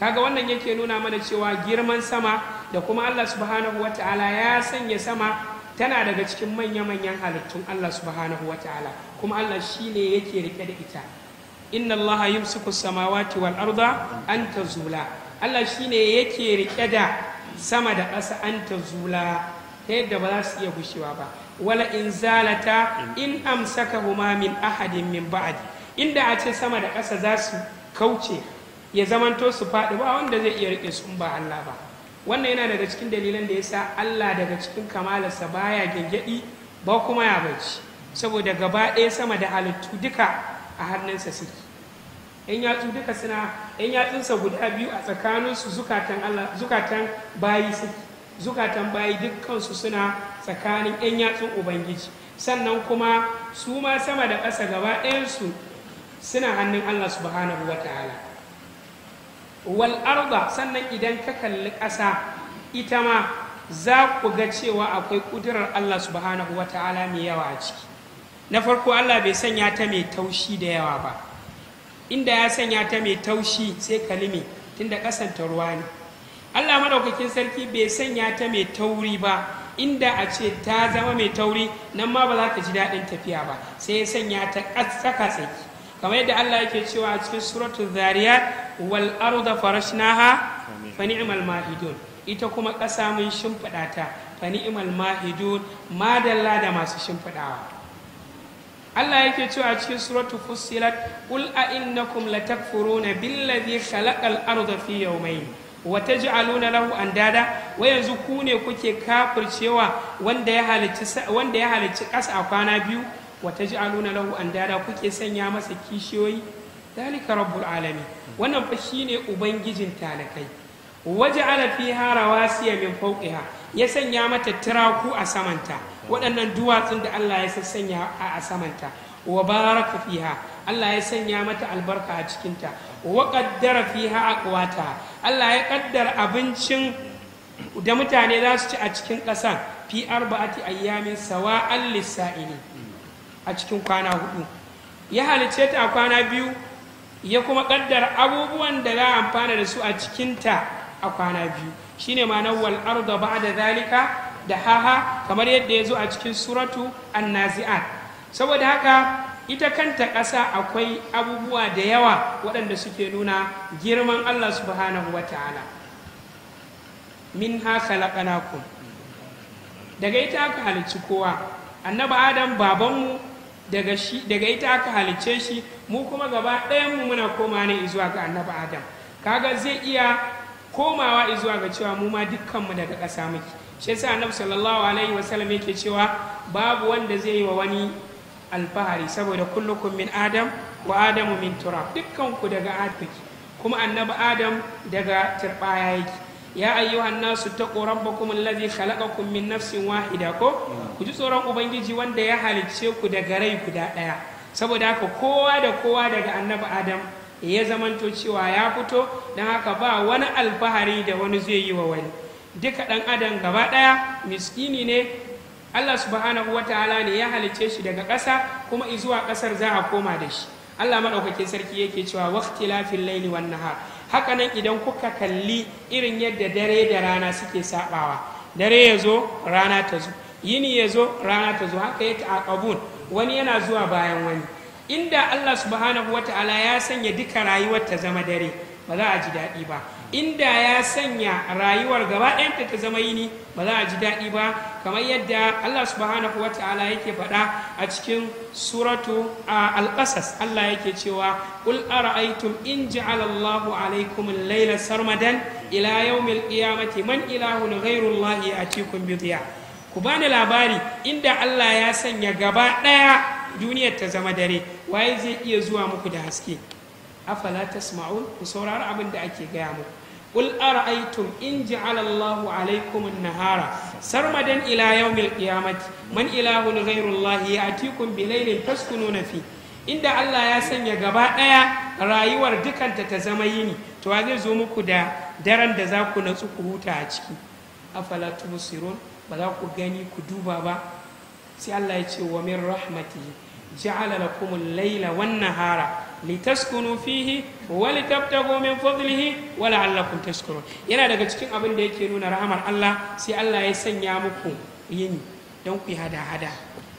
kaga wannan yake nuna mana cewa girman sama da kuma Allah subhanahu wataala ya sanya sama tana daga cikin manya-manyan halittun Allah subhanahu wataala kuma Allah shi ne yake rike da ita inna allaha yumsiku samawati wal arda an tazula Allah shi shine yake rike da sama da ƙasa an tazula ta yadda ba za su iya gushewa ba wala in zalata in huma min ahadin min ba'di inda a ce sama da ƙasa za su kauce ya zamanto su faɗi ba wanda zai iya riƙe su ba Allah ba wannan yana daga cikin dalilan da ya sa Allah daga cikin kamalarsa baya gyangyaɗi ba kuma ya bacci saboda gaba ɗaya sama da halittu duka a hannunsa suke yan yatsu duka suna yan yatsunsa guda biyu a tsakaninsu zukatan Allah zukatan bayi suke zukatan bayi dukkansu suna tsakanin 'yan yatsun ubangiji sannan kuma su ma sama da ƙasa gaba ɗayansu suna hannun allah subhanahu wa ta'ala wal sannan idan ka kalli ƙasa ita ma za ku ga cewa akwai ƙudurar allah subhanahu wa ta'ala mai yawa a ciki na farko allah bai sanya ta mai taushi da yawa ba inda ya sanya ta mai taushi sai kalimi tunda ƙasanta ruwa ne Allah madaukakin sarki bai sanya ta mai tauri ba inda a ce ta zama mai tauri nan ma ba za ka ji daɗin tafiya ba sai ya sanya ta tsaka tsaki kamar yadda Allah yake cewa a cikin suratul zariyat wal arda farashnaha fa ni'mal mahidun ita kuma ƙasa mun shimfiɗa ta fa ni'mal mahidun madalla da masu shimfiɗawa Allah yake cewa a cikin suratu Fussilat qul a innakum latakfuruna billazi khalaqal arda fi yawmayn wata aluna lahu andada wai yanzu ku ne kuke kafircewa wanda ya halicci ƙasa a kwana biyu wata aluna lahu andada kuke sanya masa kishiyoyi dalika rabbul alami. wannan fa ne ubangijin talakai Waje alafi harawa siya min fauƙiha ya sanya mata tiraku a samanta waɗannan duwatsun da Allah ya sanya a samanta wa baraka fiha Allah ya sanya mata albarka a cikinta wa qaddara a aqwata Allah ya ƙaddara abincin da mutane za su ci a cikin ƙasan fi arba'ati ayyamin sawa'an ne a cikin kwana hudu ya halice ta a kwana biyu ya kuma ƙaddara abubuwan da za a amfana da su a cikinta a kwana biyu shine ma'anar wal arda ba'da zalika da haha kamar yadda ya zo a cikin suratu an saboda haka ita kanta ƙasa akwai abubuwa da yawa waɗanda suke nuna girman Allah subhanahu wa ta'ala min ha khalaqnakum daga ita aka halicci kowa annaba adam babanmu daga ita aka halicce shi mu kuma gaba ɗayanmu muna koma ne zuwa ga annaba adam kaga zai iya komawa zuwa ga cewa mu ma dukkanmu daga ƙasa muke shi yasa annabi sallallahu alaihi wasallam yake cewa babu wanda zai yi wa wani alfahari saboda kullukun min adam wa adamu min dukkan dukkanku daga adam kuma annabi adam daga turbaya yake ya ayyuhan nasu koran bakumin lazi khalaqakum min nafsin wahida ko mm. ku ji tsoron ubangiji wanda ya halicce ku daga rai guda daya saboda haka kowa da kowa daga annabi adam ya zamanto cewa ya fito don haka ba wani alfahari da wani zai yi wa wani duka ɗan adam gaba ɗaya miskini ne Allah subhanahu wataala ne ya halicce shi daga ƙasa kuma izuwa ƙasar za a koma da shi Allah maɗaukakin sarki yake cewa waqti lafin laili wan nahar haka nan idan kuka kalli irin yadda dare da rana suke saɓawa, dare ya zo rana ta zo yini ya zo rana ta zo haka ya a wani yana zuwa bayan wani inda Allah subhanahu wataala ya sanya duka rayuwar ta zama dare ba za a ji daɗi ba inda ya sanya rayuwar gaba ɗayanta ta zama yini ba za a ji daɗi ba kamar yadda Allah subhanahu wa ta'ala yake faɗa a cikin suratu a qasas Allah yake cewa ul ara'aitum in ja'ala Allahu alaikum laila sarmadan ila yawmil qiyamati man ilahun ghayru Allah ya'tikum bi ku bani labari inda Allah ya sanya gaba ɗaya duniyar ta zama dare waye zai iya zuwa muku da haske afala tasma'un ku saurari abin da ake gaya muku kul araitum in ja'ala Allah 'alaykum an-nahara sarmadan ila yawmil qiyamati man ilahu ghayru Allah yatiikum bi laylin taskununa fi inda Allah ya sanya gaba ɗaya rayuwar dukan ta ta zama yini to a ne zo muku da daren da za ku natsu ku huta a ciki afalatubsirun ba za ku gani ku duba ba sai Allah ya ce wa min rahmatihi ja'ala lakum al wannan wan nahara litaskunu fihi wa litabtagu min fadlihi wa la'allakum tashkurun yana daga cikin abin da yake nuna rahamar Allah sai Allah ya sanya muku yini don ku hada hada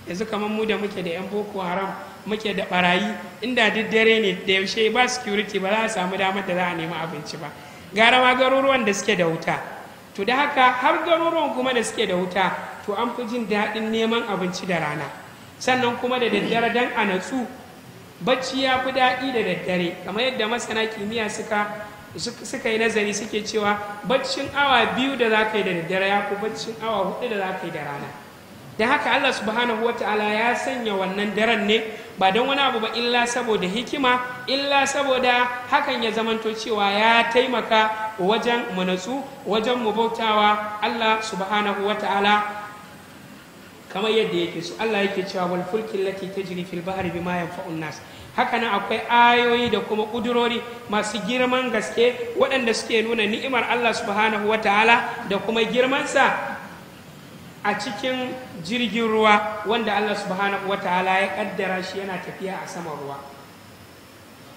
yanzu kamar mu da muke da yan boko haram muke da barayi inda duk dare ne da yaushe ba security ba za a samu damar da za a nemi abinci ba gara ma garuruwan da suke da wuta to da haka har garuruwan kuma da suke da wuta to an fi jin daɗin neman abinci da rana sannan kuma da daddare don a natsu bacci ya fi daɗi da daddare kamar yadda masana kimiyya suka suka yi nazari suke cewa baccin awa biyu da za ka yi da daddare ya ku baccin awa hudu da za ka yi da rana da haka allah subhanahu wata'ala ya sanya wannan daren ne ba don wani abu ba illa saboda hikima illa saboda hakan ya zamanto cewa ya taimaka wajen mu natsu wajen mu bautawa allah subhanahu wata'ala kamar yadda yake su Allah yake cewa wal fulki lati tajri fil bahri bima yanfa'un nas haka nan akwai ayoyi da kuma kudurori masu girman gaske waɗanda suke nuna ni'imar Allah subhanahu wataala da kuma girman sa a cikin jirgin ruwa wanda Allah subhanahu wataala ya kaddara shi yana tafiya a saman ruwa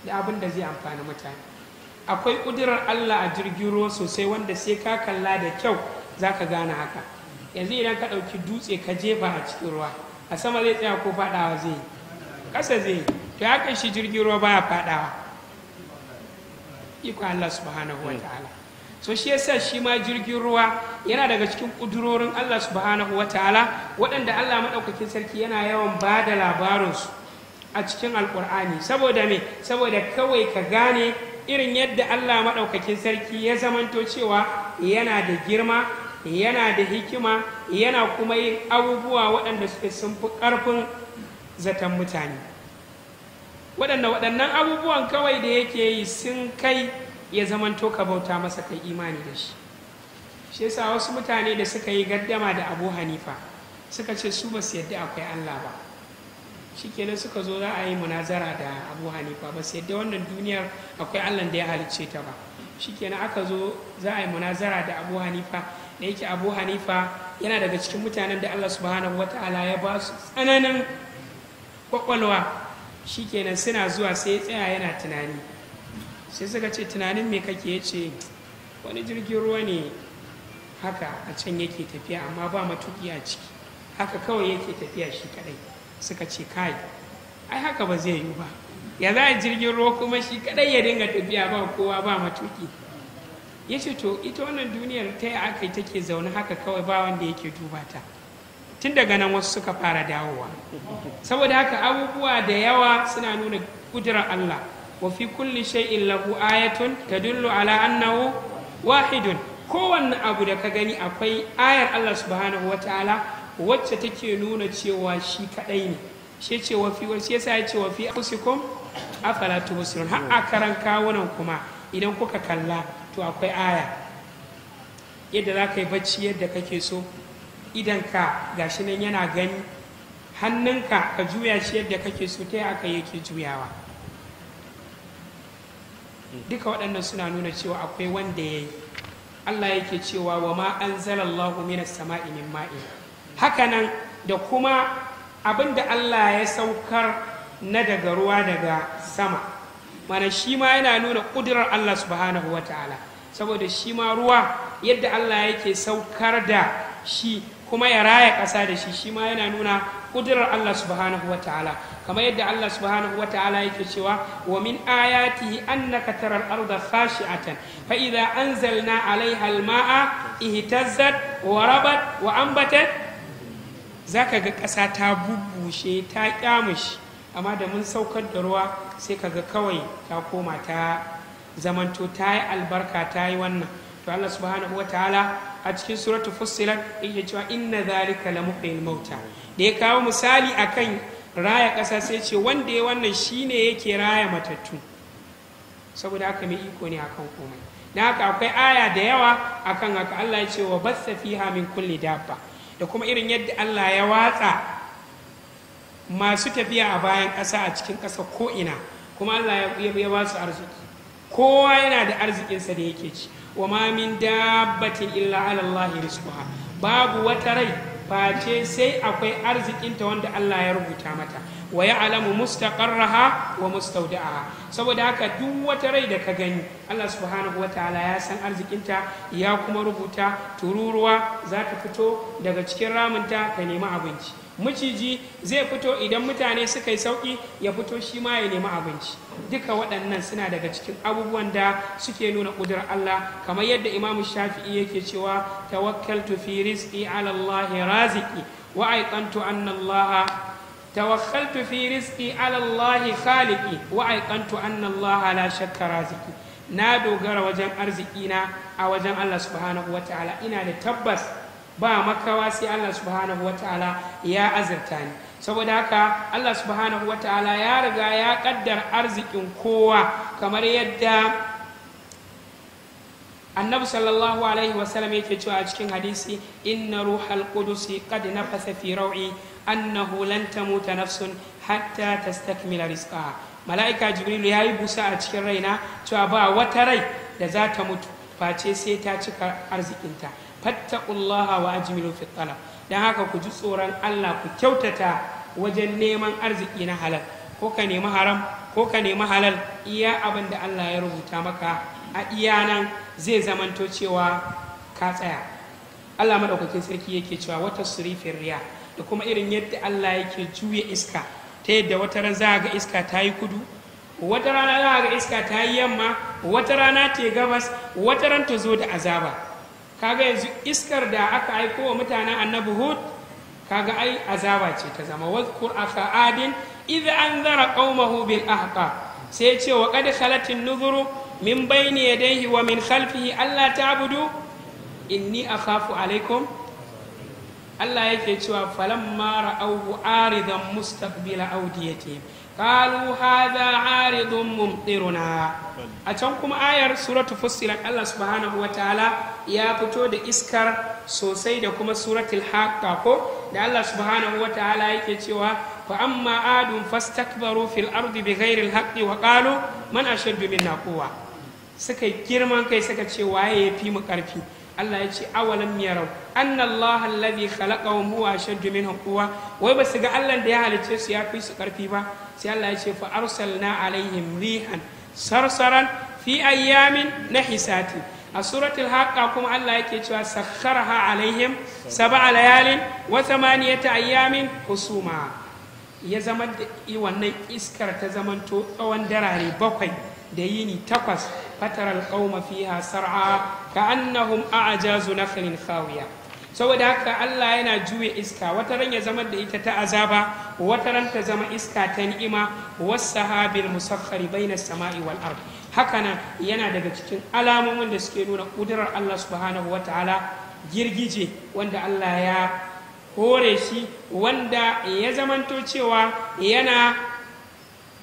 da abin da zai amfani mutane akwai kudurar Allah a jirgin ruwa sosai wanda sai ka kalla da kyau zaka gane haka yanzu idan ka ɗauki dutse ka jefa a cikin ruwa a sama zai tsaya ko faɗawa zai ƙasa zai to ya kai shi jirgin ruwa baya faɗawa iko Allah subhanahu wa ta'ala so shi yasa shi ma jirgin ruwa yana daga cikin ƙudurorin Allah subhanahu wa ta'ala waɗanda Allah maɗaukakin sarki yana yawan ba da labarinsu a cikin alƙur'ani saboda me saboda kawai ka gane irin yadda Allah maɗaukakin sarki ya zamanto cewa yana da girma yana da hikima yana kuma yin abubuwa waɗanda suke sun fi ƙarfin zaton mutane waɗanda waɗannan abubuwan kawai da yake yi sun kai ya zamanto ka bauta masa kai imani da shi shi yasa wasu mutane da suka yi gaddama da abu hanifa suka ce su ba su yadda akwai allah ba shikenan suka zo za a yi munazara da abu hanifa ba su yadda wannan duniyar akwai allah da ya halicce ta ba shikenan aka zo za a yi munazara da abu hanifa da yake abu hanifa yana daga cikin mutanen da allah subhanahu wata'ala ya ba su tsananin kwakwalwa shikenan suna zuwa sai ya tsaya yana tunani sai suka ce tunanin me kake ya ce wani jirgin ruwa ne haka a can yake tafiya amma ba matuki a ciki haka kawai yake tafiya shi kadai suka ce kai ai haka ba zai yi ba ya za a jirgin ruwa kuma shi kadai ya dinga tafiya ba kowa ba matuki ya ce to ita wannan duniyar ta yi aka take zaune haka kawai ba wanda yake duba ta tun daga nan wasu suka fara dawowa saboda haka abubuwa da yawa suna nuna kudurar Allah wa fi kulli shay'in lahu ayatun tadullu ala annahu wahidun kowanne abu da ka gani akwai ayar Allah subhanahu wataala wacce take nuna cewa shi kadai ne shi ce wa fi wasu yasa ya ce wa fi afala tubsirun har a karan kawunan kuma idan kuka kalla to akwai aya yadda za ka yi bacci yadda kake so idanka gashi nan yana gani hannunka ka juya shi yadda kake so ta aka yake juyawa duka waɗannan suna nuna cewa akwai wanda ya yi allah yake cewa wa ma an zalallahu minas sama'i min ma'i hakanan da kuma abinda allah ya saukar na daga ruwa daga sama mana shi ma yana nuna ƙudurar Allah subhanahu wa ta'ala saboda shi ma ruwa yadda Allah yake saukar da shi kuma ya raya ƙasa da shi shi ma yana nuna ƙudurar Allah subhanahu wa ta'ala kamar yadda Allah subhanahu wa ta'ala yake cewa wa min ayatihi annaka taral arda khashi'atan fa idza anzalna 'alayha al-ma'a ihtazzat wa rabat wa anbatat zaka ga ƙasa ta bubbushe ta kyamushi amma da mun saukar da ruwa sai kaga kawai ta koma ta zamanto ta yi albarka ta yi wannan to Allah subhanahu wataala a cikin suratul fussilat yake cewa inna zalika la muhyil mauta da ya kawo misali akan raya ƙasa sai ce wanda ya wannan shine yake raya matattu saboda haka mai iko ne akan komai na haka akwai aya da yawa akan haka Allah ya ce wa bassa fiha min kulli dabba da kuma irin yadda Allah ya watsa masu tafiya a bayan ƙasa a cikin ƙasa ko'ina kuma allah ya ba su arziki kowa yana da arzikinsa da yake ci wa ma min dabbatin illa ala allah rizquha babu wata rai face sai akwai arzikinta wanda allah ya rubuta mata wa ya'lamu mustaqarraha wa mustawda'aha saboda haka duk wata rai da ka gani Allah subhanahu ta'ala ya san arzikinta ya kuma rubuta tururuwa za ta fito daga cikin ramunta ka nemi abinci miciji zai fito idan mutane suka yi sauki ya fito shi ma ya nemi abinci duka waɗannan suna daga cikin abubuwan da suke nuna ƙudurar Allah kamar yadda imamu shafi'i yake cewa tawakkaltu fi rizqi ala Allah raziqi wa aiqantu anna Allah tawakkaltu fi rizqi ala Allah khaliqi wa aiqantu anna Allah la shakka raziki na dogara wajen arzikina a wajen Allah subhanahu wataala ina da tabbas ba makawa sai Allah subhanahu wataala ya azurta ni saboda haka Allah subhanahu wataala ya riga ya kaddar arzikin kowa kamar yadda annabi sallallahu alaihi wasallam yake cewa a cikin hadisi inna ruhal qudusi qad nafasa fi raw'i annahu lan tamuta nafsun hatta tastakmila rizqa mala'ika jibrilu yi busa a cikin raina cewa ba wata rai da za ta mutu face sai ta cika arzikinta fattakullaha wa ajmilu fi talab dan haka ku ji tsoron Allah ku kyautata wajen neman arziki na halal ko ka nemi haram ko ka nemi halal iya abin da Allah ya rubuta maka a iya zai zamanto cewa ka tsaya Allah madaukakin sarki yake cewa wata surifin riya da kuma irin yadda Allah yake juya iska ta yadda wata ran za ga iska ta yi kudu wata rana za ga iska ta yi yamma wata rana ta gabas wata ran ta zo da azaba kaga yanzu iskar da aka aiko wa mutanen annabi hud kaga ai azaba ce ta zama wadkur aka adin idza anzara qaumahu bil ahqa sai ce wa qad khalatin nuzuru min bayni yadayhi wa min khalfihi alla ta'budu inni akhafu alaikum Allah yake cewa falamma ra'awhu aridan mustaqbila awdiyatihim qalu hadha aridun mumtiruna a can kuma ayar suratu fussilat Allah subhanahu ta'ala ya fito da iskar sosai da kuma suratul haqqa ko da Allah subhanahu ta'ala yake cewa fa amma adun fastakbaru fil ardi bighairi alhaqqi wa qalu man ashaddu minna quwwa suka girman kai suka ce waye ya fi mu karfi Allah ya ce awalam yarau anna Allah alladhi khalaqahum huwa ashaddu minhum quwwa wai basu ga Allah da ya halicce su ya fi su karfi ba sai Allah ya ce fa arsalna alaihim rihan sarsaran fi ayyamin nahisati a suratul haqqa kuma Allah yake cewa sakharaha alaihim sab'a layalin wa thamaniyata ayyamin husuma ya zama da wannan iskar ta zamanto tsawon darare bakwai da yini takwas fatar alƙauma fiha sar'a ka annahum a'jazu nakhlin khawiya saboda haka Allah yana juya iska wata ran ya zama da ita ta azaba wata ran ta zama iska ta ni'ima sahabil musakhkhari bainas sama'i wal haka nan yana daga cikin alamomin da suke nuna kudurar Allah subhanahu wataala girgije wanda Allah ya hore shi wanda ya zamanto cewa yana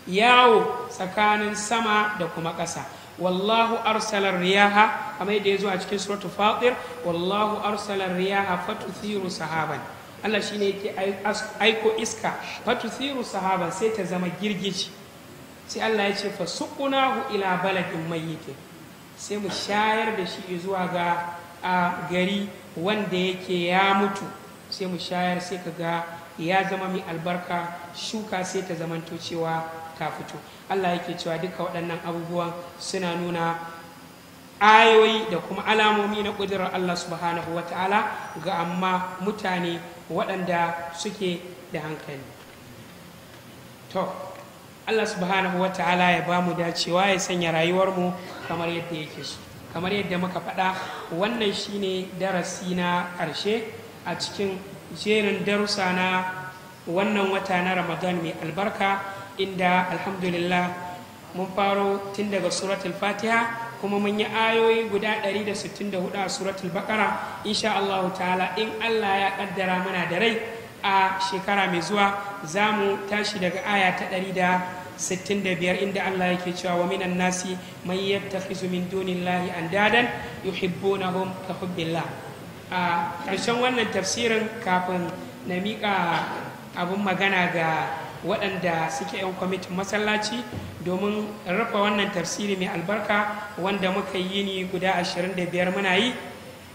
yawo tsakanin sama da kuma ƙasa wallahu arsalar riyaha kamar da ya zo a cikin suratul fatir wallahu arsalar riyaha fatuthiru sahaban Allah shi shine yake aiko iska fatuthiru sahaban sai ta zama girgici. sai Allah ya ce fasuqnahu ila baladin mayyitin sai mu shayar da shi zuwa ga a gari wanda yake ya mutu sai mu shayar sai ka ga ya zama mai albarka shuka sai ta zamanto cewa ka fito Allah yake cewa duka waɗannan abubuwan suna nuna ayoyi da kuma alamomi na ƙudurar Allah subhanahu wa ta'ala ga amma mutane waɗanda suke da hankali to Allah subhanahu wa ta'ala ya ba mu dacewa ya sanya rayuwarmu kamar yadda yake shi kamar yadda muka faɗa wannan shine darasi na ƙarshe a cikin jerin darussa na wannan wata na ramadan mai albarka inda alhamdulillah mun faro tun daga suratul fatiha kuma mun yi ayoyi guda 164 a suratul bakara insha Allah ta'ala in allah ya kaddara mana da rai a shekara mai zuwa za mu tashi daga aya ta da biyar inda allah yake cewa wa minan nasi man yattakhizu min dunillahi andadan yuhibbunahum ka hubbillah a ƙarshen wannan tafsirin kafin na miƙa abin magana ga waɗanda suke 'yan kwamitin masallaci domin rufe wannan tafsiri mai albarka wanda muka yi ni guda 25 muna yi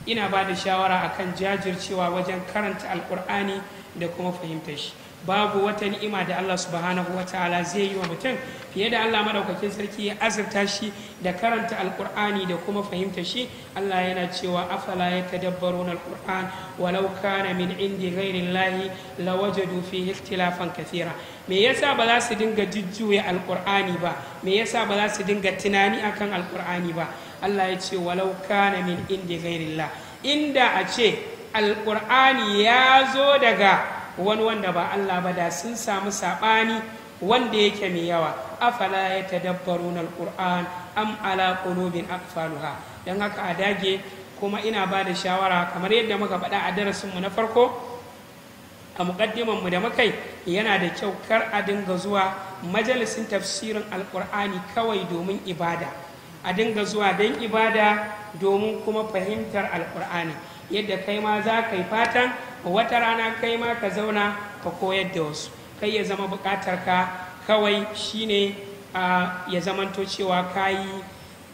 ina ba da shawara akan jajircewa wajen karanta alkur'ani da kuma fahimtar shi babu wata ni'ima da Allah subhanahu wa ta'ala zai yi wa mutum fiye da Allah madaukakin sarki ya azurta shi da karanta alkur'ani da kuma fahimta shi Allah yana cewa afala ya tadabbaru na alkur'an walau kana min indi layi lahi lawajadu fi ikhtilafan kathira me yasa ba za su dinga jujjuya alkur'ani ba me yasa ba za su dinga tunani akan alkur'ani ba Allah ya ce walau kana min inda ghairillah inda a ce alkur'ani ya zo daga wani wanda ba Allah ba da sun samu saɓani wanda yake mai yawa afala ya tadabbaruna alkur'an am ala qulubin aqfaluha dan haka a dage kuma ina ba da shawara kamar yadda muka faɗa a darasinmu na farko a muƙaddiman mu da makai yana da kyau kar a dinga zuwa majalisin tafsirin alƙur'ani kawai domin ibada a dinga zuwa don ibada domin kuma fahimtar alƙur'ani yadda kai ma za ka yi fatan wata rana kai ma ka zauna ka koyar da wasu kai ya zama buƙatar ka kawai shine ya zamanto cewa kayi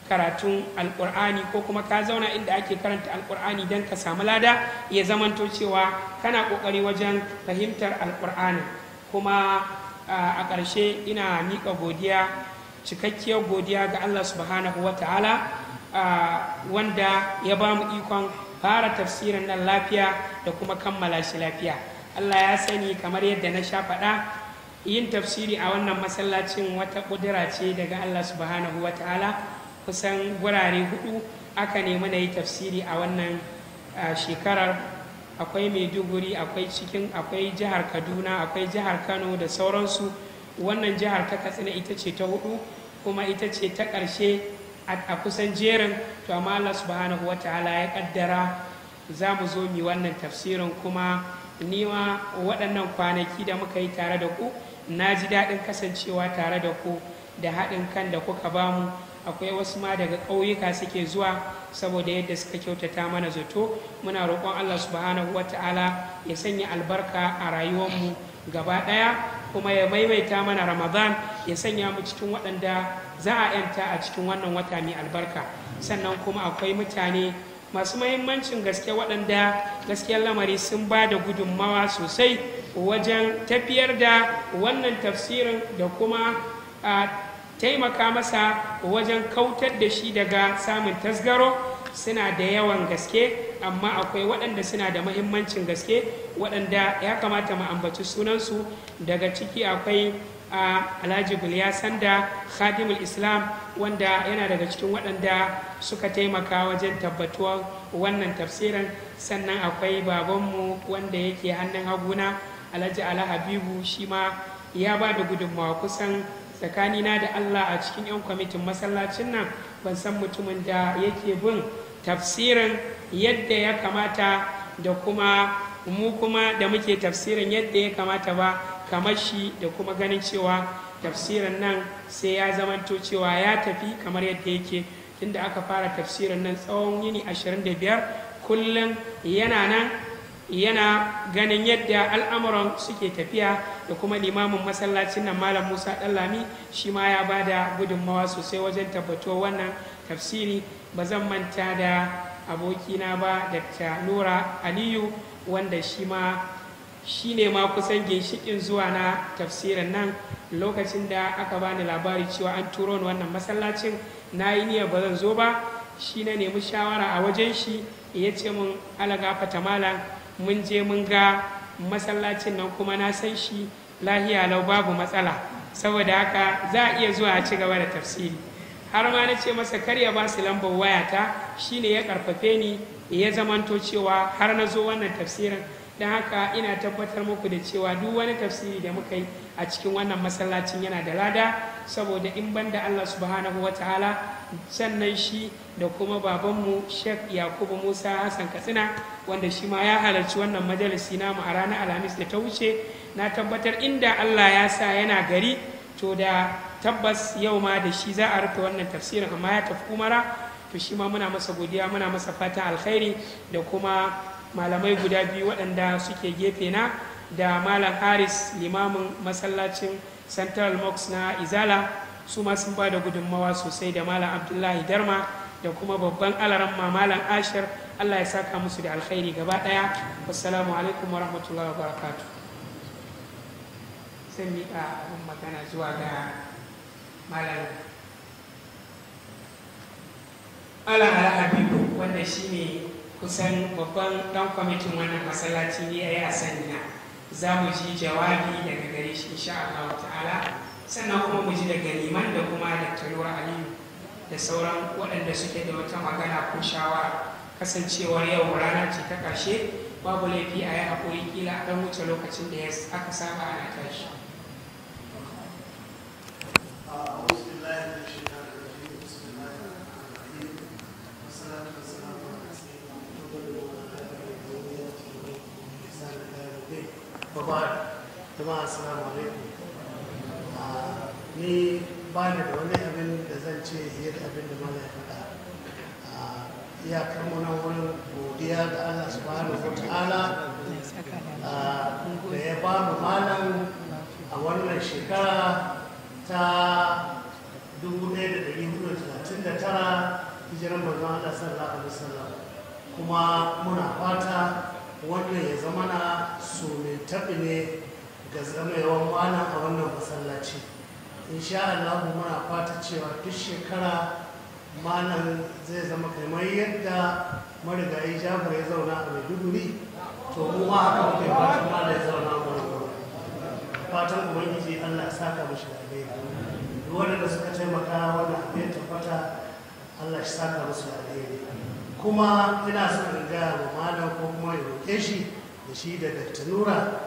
karatun alkur'ani ko kuma ka zauna inda ake karanta alkur'ani don ka samu lada ya zamanto cewa kana kokari wajen fahimtar alkur'ani kuma a ƙarshe ina miƙa godiya cikakkiyar godiya ga allah subhanahu wa ta'ala wanda ya ba mu ikon fara tafsirin nan lafiya da kuma kammala shi lafiya allah ya sani kamar yadda na sha faɗa yin tafsiri a wannan masallacin wata ƙudura ce daga Allah subhanahu wa ta'ala kusan wurare hudu aka nemi na yi tafsiri a wannan shekarar akwai maiduguri akwai cikin akwai jihar kaduna akwai jihar kano da sauransu wannan jihar ta katsina ita ce ta hudu kuma ita ce ta ƙarshe a kusan jerin to amma allah subhanahu wa ta'ala ya kaddara za mu zo mi wannan tafsirin kuma nima waɗannan kwanaki da muka yi tare da ku na ji daɗin kasancewa tare da ku da haɗin kan da kuka bamu akwai wasu ma daga ƙauyuka suke zuwa saboda yadda suka kyautata mana zato muna roƙon allah subhanahu ta'ala ya sanya albarka a rayuwarmu gaba ɗaya kuma ya maimaita mana ramadan ya sanya mu cikin waɗanda za a yanta a cikin wannan wata mai albarka sannan kuma akwai mutane masu mahimmancin gaske waɗanda gaskiyar lamari sun ba da gudunmawa sosai wajen tafiyar da wannan tafsirin da kuma taimaka masa wajen kautar da shi daga samun tasgaro suna da yawan gaske amma akwai waɗanda suna da mahimmancin gaske waɗanda ya kamata mu ambaci sunansu daga ciki akwai a alhaji bilyasan da khadimul islam wanda yana daga cikin waɗanda suka taimaka wajen tabbatuwar wannan tafsirin sannan akwai babanmu wanda yake hannun haguna alhaji ala habibu shi ma ya ba da gudunmawa kusan tsakanina da allah a cikin 'yan kwamitin masallacin nan ban san mutumin da yake bin tafsirin yadda ya kamata da kuma mu kuma da muke tafsirin yadda ya kamata ba kamar shi da kuma ganin cewa tafsirin nan sai ya zamanto cewa ya tafi kamar yadda yake tunda aka fara tafsirin nan tsawon yini 25 kullum yana nan yana ganin yadda al'amuran suke tafiya da kuma limamin masallacin nan malam musa ɗallami shi ma ya ba da gudunmawa sosai wajen tabbato wannan tafsiri ba zan manta da abokina ba dr nura aliyu wanda shi ma shi ne ma kusan ginshikin zuwa na tafsirin nan lokacin da aka bani labari cewa an turo ni wannan masallacin na yi niyyar ba zan zo ba shi na nemi shawara a wajen shi ya ce min ala malam mun je mun ga masallacin nan kuma na san shi lahiya lau babu matsala saboda haka za a iya zuwa a ci gaba da tafsiri har ma na ce masa kar ya ba su lambar wayata shine ya karfafe ni ya zamanto cewa har na zo wannan tafsirin don haka ina tabbatar muku da cewa duk wani tafsiri da muka yi a cikin wannan masallacin yana da lada saboda in banda Allah subhanahu wa ta'ala sannan shi da kuma babanmu shek Yakubu Musa Hassan Katsina wanda shi ma ya halarci wannan majalisi namu a ranar Alhamis da ta wuce na tabbatar inda Allah ya sa yana gari to da tabbas yau ma da shi za a rufe wannan tafsirin amma ya tafi umara to shi ma muna masa godiya muna masa fatan alkhairi da kuma malamai guda biyu waɗanda suke gefe na da malam haris limamin masallacin central mox na izala su ma sun ba da gudunmawa sosai da malam abdullahi darma da kuma babban alaran malam ashir allah ya saka musu da alkhairi gaba ɗaya wassalamu alaikum wa rahmatullahi wa barakatu sai miƙa abin magana zuwa ga malam wanda shine kusan babban dan kwamitin wannan masallaci ne ya yi a sanya za mu ji jawabi daga gare shi insha Allah ta'ala sannan kuma mu ji daga liman da kuma da taruwa aliyu da sauran waɗanda suke da wata magana ko shawara kasancewar yau rana ce ta ƙarshe babu laifi a yi haƙuri kila a ɗan wuce lokacin da aka saba ana tashi jama'a assalamu alaikum ah, ni bani da wani abin da zan ce yadda abin da mana ya faɗa ah, ya kama na wurin godiya da allah subhanahu wa ta'ala ah, da ya ba mu malam a wannan shekara ta dubu ɗaya da da talatin tara, hijiran manzon Allah sallallahu alaihi wasallam kuma muna fata wannan ya zama na so mai taɓi ne da yawan kwana a wannan masallaci insha Allah muna fata cewa duk shekara malam zai zama kamar yadda marigayi jafar ya zauna a maiduguri to mu ma haka muke fatan malam ya zauna a maiduguri fatan ubangiji Allah ya ka mishi da alheri wanda suka taimaka wannan abu ya tabbata Allah ya saka musu da alheri kuma ina son in gaya wa malam ko kuma ya roƙe shi da shi da Dr.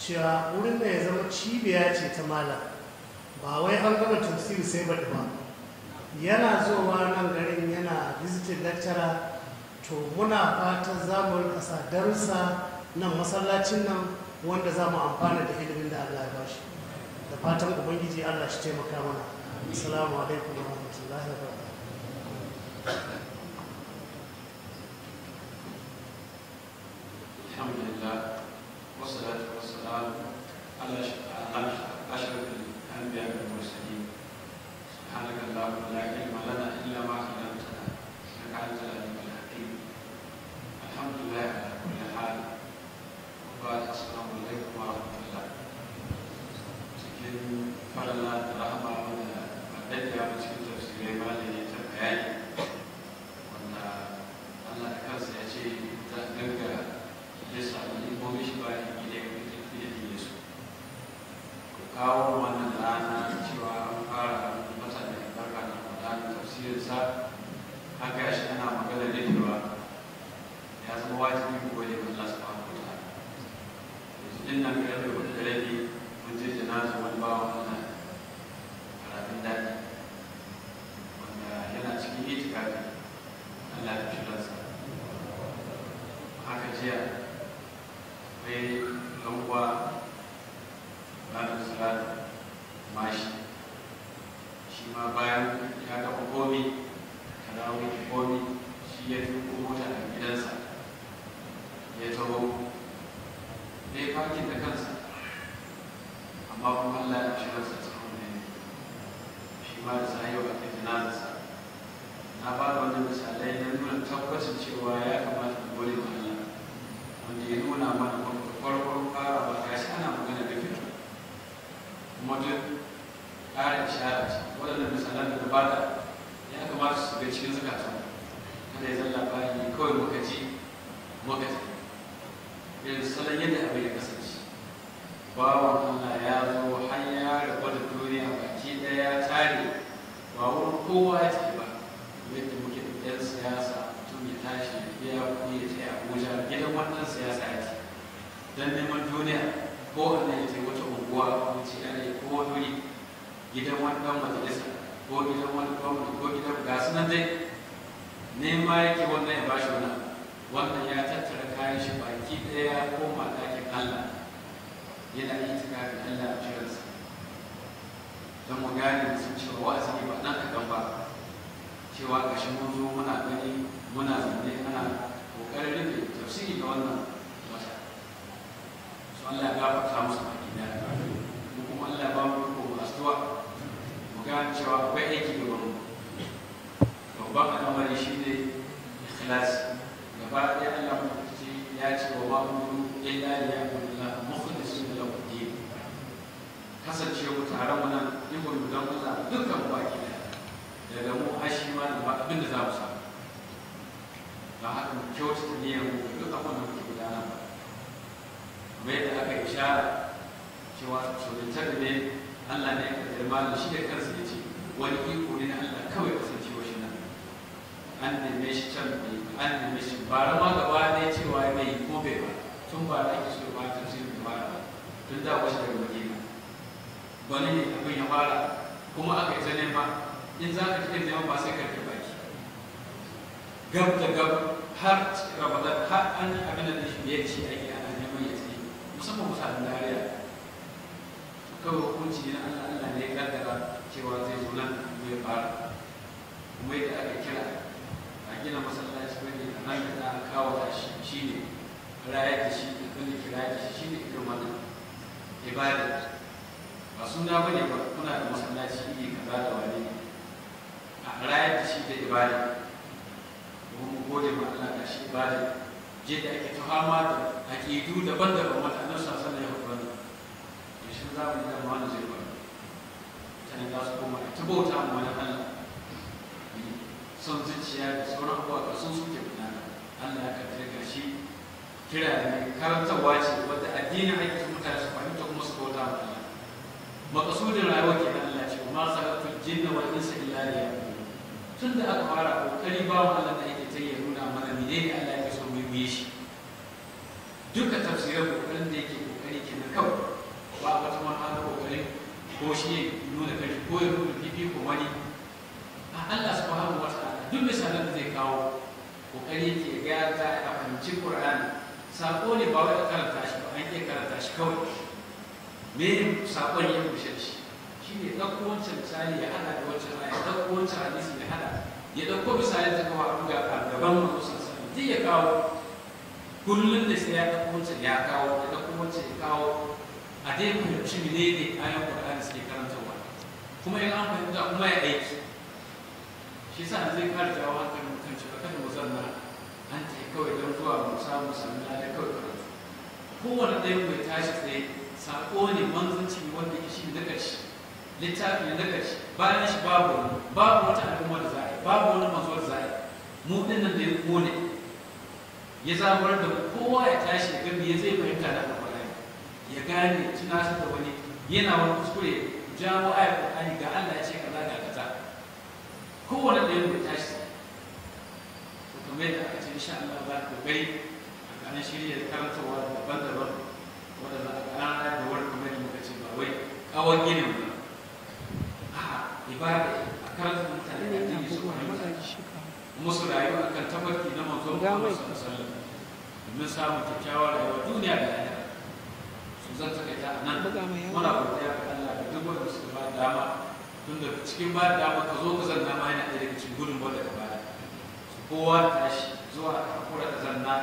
cewa wurin da ya zama cibiya ce ta mala ba wai an gama tafsiri sai baɗi ba yana zowa nan garin yana visiting lecturer to muna fatan za mu rikasa darussa nan masallacin nan wanda za mu amfana da ilimin da Allah ya bashi da fatan ubangiji Allah shi taimaka mana assalamu alaikum wa rahmatullahi wa alhamdulillah wasu da والسلام على أشرف الأنبياء والمرسلين سبحانك اللهم لا علم لنا إلا ما علمتنا إنك أنت العليم الحكيم الحمد لله على كل حال وبعد السلام عليكم ورحمة الله cikin farla da rahama wanda wadda ya fi cikin tafsirai ba da ya ta bayani wanda Allah da kansa ya ce za a dinga ya samu imomi shi bayan kawo wannan rana cewa an fara wata da barka da kudanin tafsirinsa har ga shi ana magana da cewa ya zama wajibi mu gode ga Allah subhanahu wa ta'ala yanzu din nan ga da wani rabi mun je janazu wani bawa wannan karatun daɗi wanda yana cikin itikafi Allah ya fi ransa haka jiya akwai ɗan uwa ta mashi shi ma bayan ya gaba komi ka dawo ki komi shi ya fi mota a gidansa ya taho ne fakin da kansa amma kuma Allah ya shirar sa cikin ne shi ma da sa yau a kai jinazarsa na ba da wani misalai na nuna tabbacin cewa ya kamata mu gode wa wanda ya nuna mana mutum ƙara ishara ce waɗannan misalan da gabata ya kamata su shiga cikin zukatan kada ya zan labari kawai muka ji yanzu salon yadda abin ya kasance bawan Allah ya zo har ya rabu duniya baki ɗaya tare ba wurin kowa ya tafi ba yadda muke da 'yan siyasa mutum ya tashi ya kuɗi ya ce abuja gidan wannan siyasa ya ce don neman duniya ko Allah ya ce wata unguwa wuce ci yi ko wani wuri gidan wani dan majalisa ko gidan wani gwamnati ko gidan ga su nan dai nema yake wannan ya bashi wannan wannan ya tattara kayan shi baki ɗaya ko koma Allah yana yi tukafi Allah a jiransa don mu gane sun cewa wa'azi ne ba nan kaɗan ba cewa ƙashi mun zo muna gani muna zaune ana ƙoƙarin rufe tafsiri ga wannan wata su Allah ya gafarta musu baki ɗaya Allah ba mu ko asuwa mu ga cewa akwai aiki da wani babban al'amari shi ne ikhlas gaba ɗaya Allah mu ce ya ce wa ba mu illa li ya'budu mukhlisin lahu din kasance mu tare mu nan ikon mu dan Allah dukkan baki daga mu hashi ma da ba abin da za mu samu ba haka mu kyautata niyyar mu duk abin da muke gudana kamar yadda aka ishara cewa cutar ne Allah ne ya kaddar da shi da kansa ya ce wani iko ne na Allah kawai kasancewa shi nan an neme shi can bai an neme shi bara ma gaba ne cewa ya mai ko bai ba tun ba da ake so ba tun sai bai fara tun da wasu daga waje ne wani ne abin ya fara kuma aka yi zane ba. in za ka ji neman ba sai ka karɓi baki gab da gab har ramadan har an abin da ya ce ake ana neman ya tsaye musamman mutanen dariya kawai hukunci ne Allah Allah ne ya kaddara cewa zai zo nan mai fara kuma yadda aka kira a gina masallaci ko ne a nan da aka kawo da shi ne raya da shi da kuma kira da shi ne irin wannan ibada ba suna bane ba kuna da masallaci iri kaza da wani ne a raya da shi da ibada kuma mu gode ma Allah da shi ibada je da ake tuhama da aƙidu daban-daban wanda annabi sallallahu ƙarshen zamani da ma zai ba mutane za su koma ta bauta ma wani Allah son zuciya da sauran abubuwa ga sun suke gudana Allah ya kaddare ga shi kira ne karantarwa ce wadda addinin ake mutane su fahimta kuma su bauta ma Allah makasudin rayuwa ke nan Allah ce ma sarrafa jinna wal insa illa liya tun da aka fara kokari ba mu Allah da yake ta yi nuna mana menene Allah ya so mu yi shi duka tafsirin kokarin da yake kokari kenan kawai ba wata ma ana kokarin ko shi ya nuna kai ko ya nuna ko wani a Allah subhanahu wa ta'ala duk misalan da zai kawo kokari ke ga ta a fahimci Qur'ani sako ne ba wai karanta shi ba an ke karanta shi kawai me sakon ya kushe shi shi ne ɗauko wancan misali ya hada da wancan aya ɗauko wancan hadisi ya hada ya ɗauko misali ta kawo ga gaban manzon sallallahu alaihi ya kawo kullum da sai ya ɗauko wancan ya kawo ya ɗauko wancan ya kawo a dai fahimci menene ayan Qur'ani suke karantarwa kuma in an fahimta kuma ya aiki shi yasa zai kare jawo kan mutum cewa kada mu zanna an ta kawai don zuwa mu samu sanna da kawai karatu kowane ɗaya mu ya tashi tsaye saƙo ne manzanci wanda ke shi na ƙarshe littafi na ƙarshe bayan shi babu wani babu wata al'umma da za'a babu wani masu da za'a mu ɗin nan da ya kone ya zaburar da kowa ya tashi gani ya zai fahimta da ya gane su da wani yana wani kuskure jawo ayar Qur'ani ga Allah ya ce kaza ga kaza kowane ɗayan bai tashi to kamar yadda aka ce insha Allah ba ta gari a kanan shirya da karantarwa da daban wanda za a ƙara da wani kamar yadda muka ce ba wai kawon ginin ba a ibada a karantar mutane da jini su musu rayuwa kan tabbaki na manzon Muhammad sallallahu alaihi domin samun kyakkyawar rayuwa duniya da zan saka ta a nan muna godiya ga Allah da duk wanda suka ba dama tun da cikin ba dama ka zo ka zan ma yana ɗaya daga cikin gudun wanda ka bada kowa tashi zuwa a hakura da zanna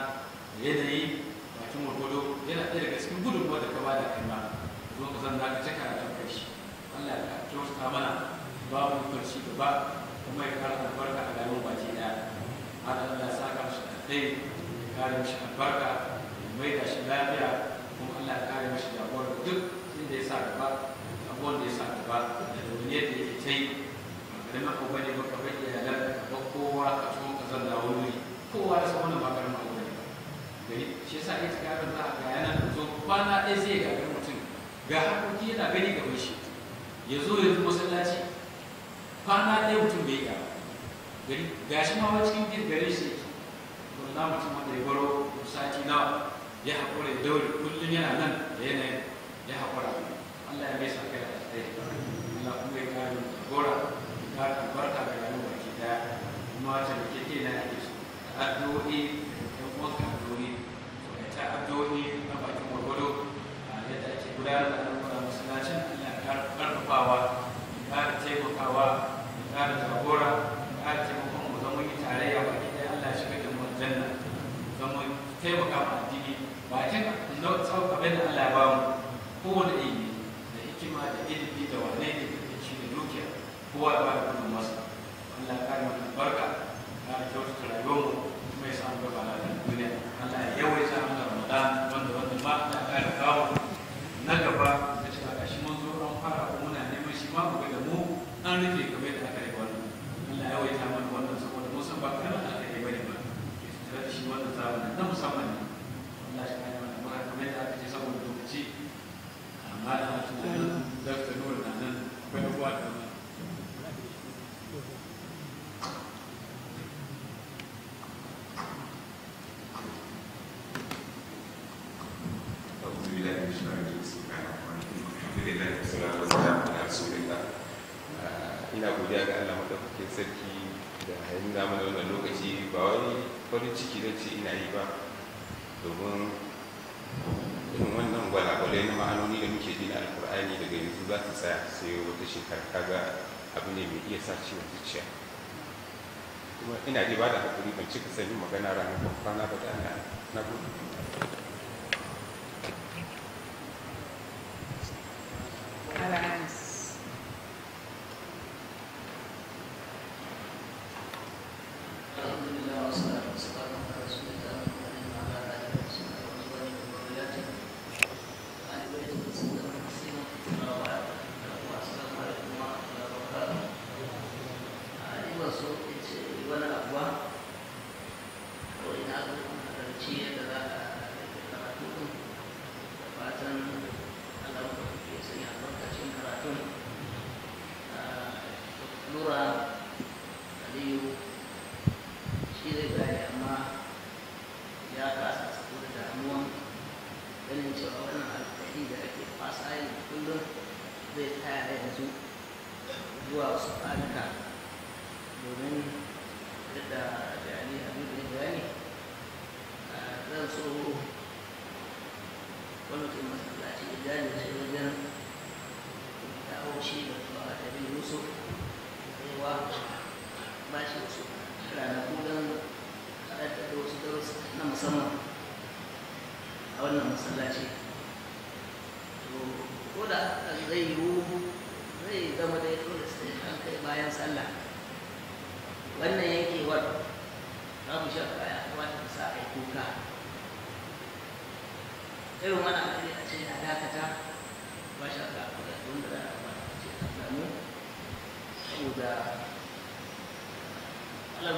yanayi bakin wargwado yana ɗaya daga cikin gudun wanda ka bada kai ma zo ka zan zanna ka cika da kai shi Allah ya kyautata mana ba mu barci gaba kuma ya kara albarka a rayuwar baki daya har Allah ya saka shi da ɗaya ya kare shi albarka ya maida shi lafiya Allah ya kare mashi jagora duk inda ya sa gaba abubuwan da ya sa gaba da duniyar da yake ta yi maganin maka bane maka bai iyalan ka ba kowa ka so ka zanna wuri kowa ya san wannan maganin maka bane gari shi yasa ita kafin za a ga yana da zo kwana ɗaya zai ga garin mutum ga hakoki yana gani ga shi ya zo ya zo masallaci kwana ɗaya mutum bai ga gari shi ma cikin gari shi yake to na mutum wanda ya baro sati nawa ya haƙura da daure kullum yana nan da yanayin ya haƙura Allah ya mai sa kai da tsaye Allah kuma ya kare mu gora ta kare albarka ga rayuwar baki da kuma ta da ke na ake so addu'o'i da kuma addu'o'i to ya ta addu'o'i na bakin gwargwado yadda ake gudanar da al'amuran masallacin Allah ya kare ƙarfafawa ya kare taimakawa ya kare jagora ya kare taimakon mu zama yi tarayya baki daya Allah ya shiga da mu aljanna zama taimaka ma addini bakin tsawon abin da Allah ya ba mu kowane ilimi da hikima da ilimi da wane ne da shi da dukiya kowa ya ba da gudun masa Allah ya kare mana barka ya kyautata rayuwar mu kuma ya samu gaba na duniya Allah ya yawaita mana Ramadan wanda wanda ma Allah ya kare kawo na gaba da shi aka shi mun zo an fara ko muna neman shi ma mu da mu an rike kamar da aka yi wannan Allah ya sa mana wannan saboda mun san ba kana aka yi bane ba ke tattara da shi wannan zamanin na musamman ne tashi ana wannan ana ina sarki da lokaci ba wani farin ciki da ce ina yi ba domin irin wannan gwalagwalai na ma'anoni da muke ji alkur'ani daga yanzu za ta tsaya sai wata shekara kaga abu ne mai iya sa ciwon zuciya kuma ina ji ba da hakuri ban cika sanin magana ranar kwana ba da na gudu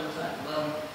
was well,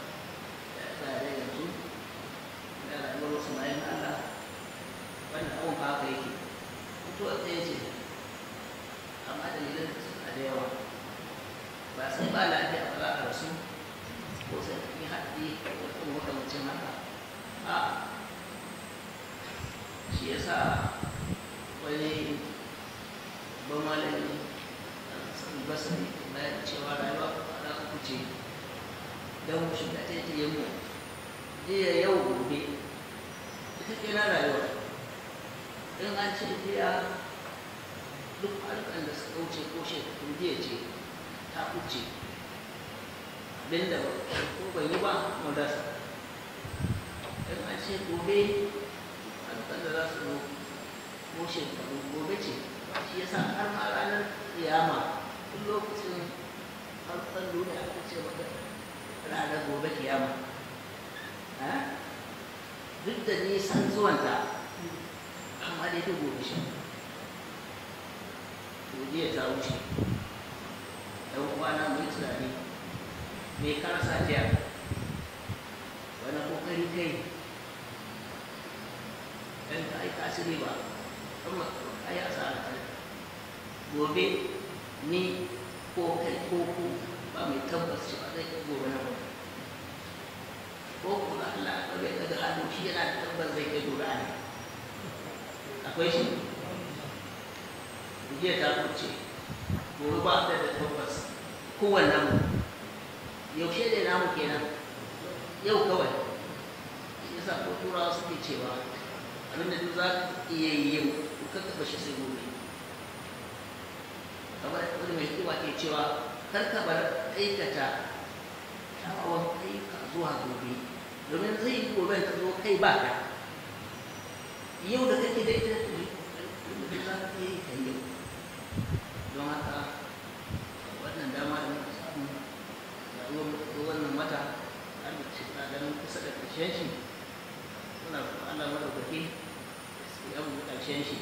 yau mu ƙarshen shi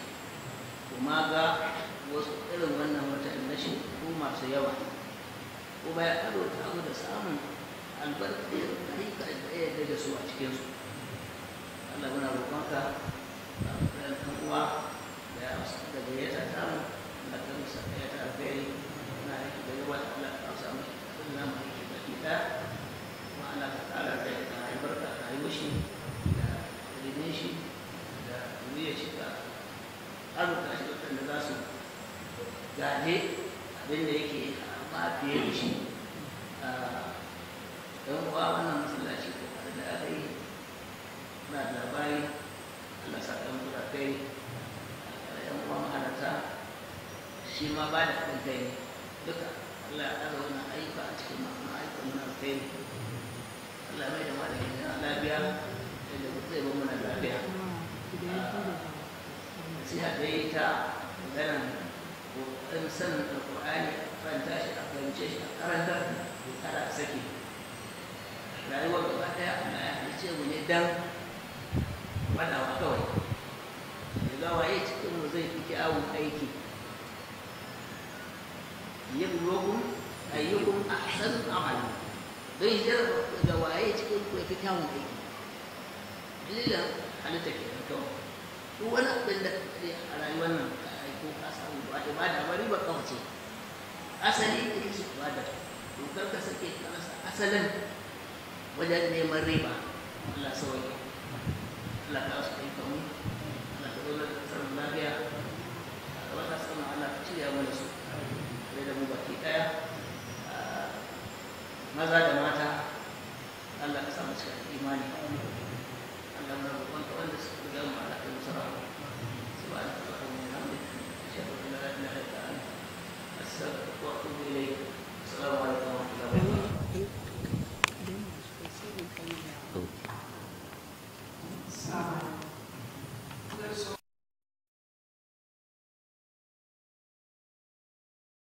kuma ga wasu irin wannan watan na shi ko masu yawa kuma ya arota mu da samun albarkar harika da ya yarda da su a cikinsu Allah muna roƙonka da ɗan uwa da ya wasu da gayyata ta mu da ta musa gayyata alkhairi na yake da yawa da Allah ta samu shi na mu yake da ita kuma Allah ta ƙara da ya ta haibar da rayuwar shi da ilimin shi da duniya shi ka azurta shi waɗanda za su gaje abin da yake ba fiye da shi don uwa wannan masallaci ko da aka yi na labari Allah sa ɗan kuɗa kai 'yan uwa mahalarta shi ma ba da kuɗin kai duka Allah ya ɗaga wannan ayyuka a cikin ma'aikatan muna kai Allah mai da malamin lafiya yadda zai ba mana lafiya nasiha da ta maganan ƙoƙarin sanin alƙur'ani a karanta shi a fahimce shi a karantar da kada a sake rayuwar gaba ɗaya ana ya halice mu ne dan kawai da gawa ya cikin zai fi kyawun aiki da cikin ke kyau duk wani abin da kare a rayuwar nan ka aiko ka samu ba ba asali ita ce to kar ka sake ka asalin wajen neman riba Allah sauke Allah ka wasu aika mu Allah ka lafiya ka Allah ka cire mana su kare da mu baki daya ah, maza da mata Allah ka samu cikin imani Allah wanda wanda السلام عليكم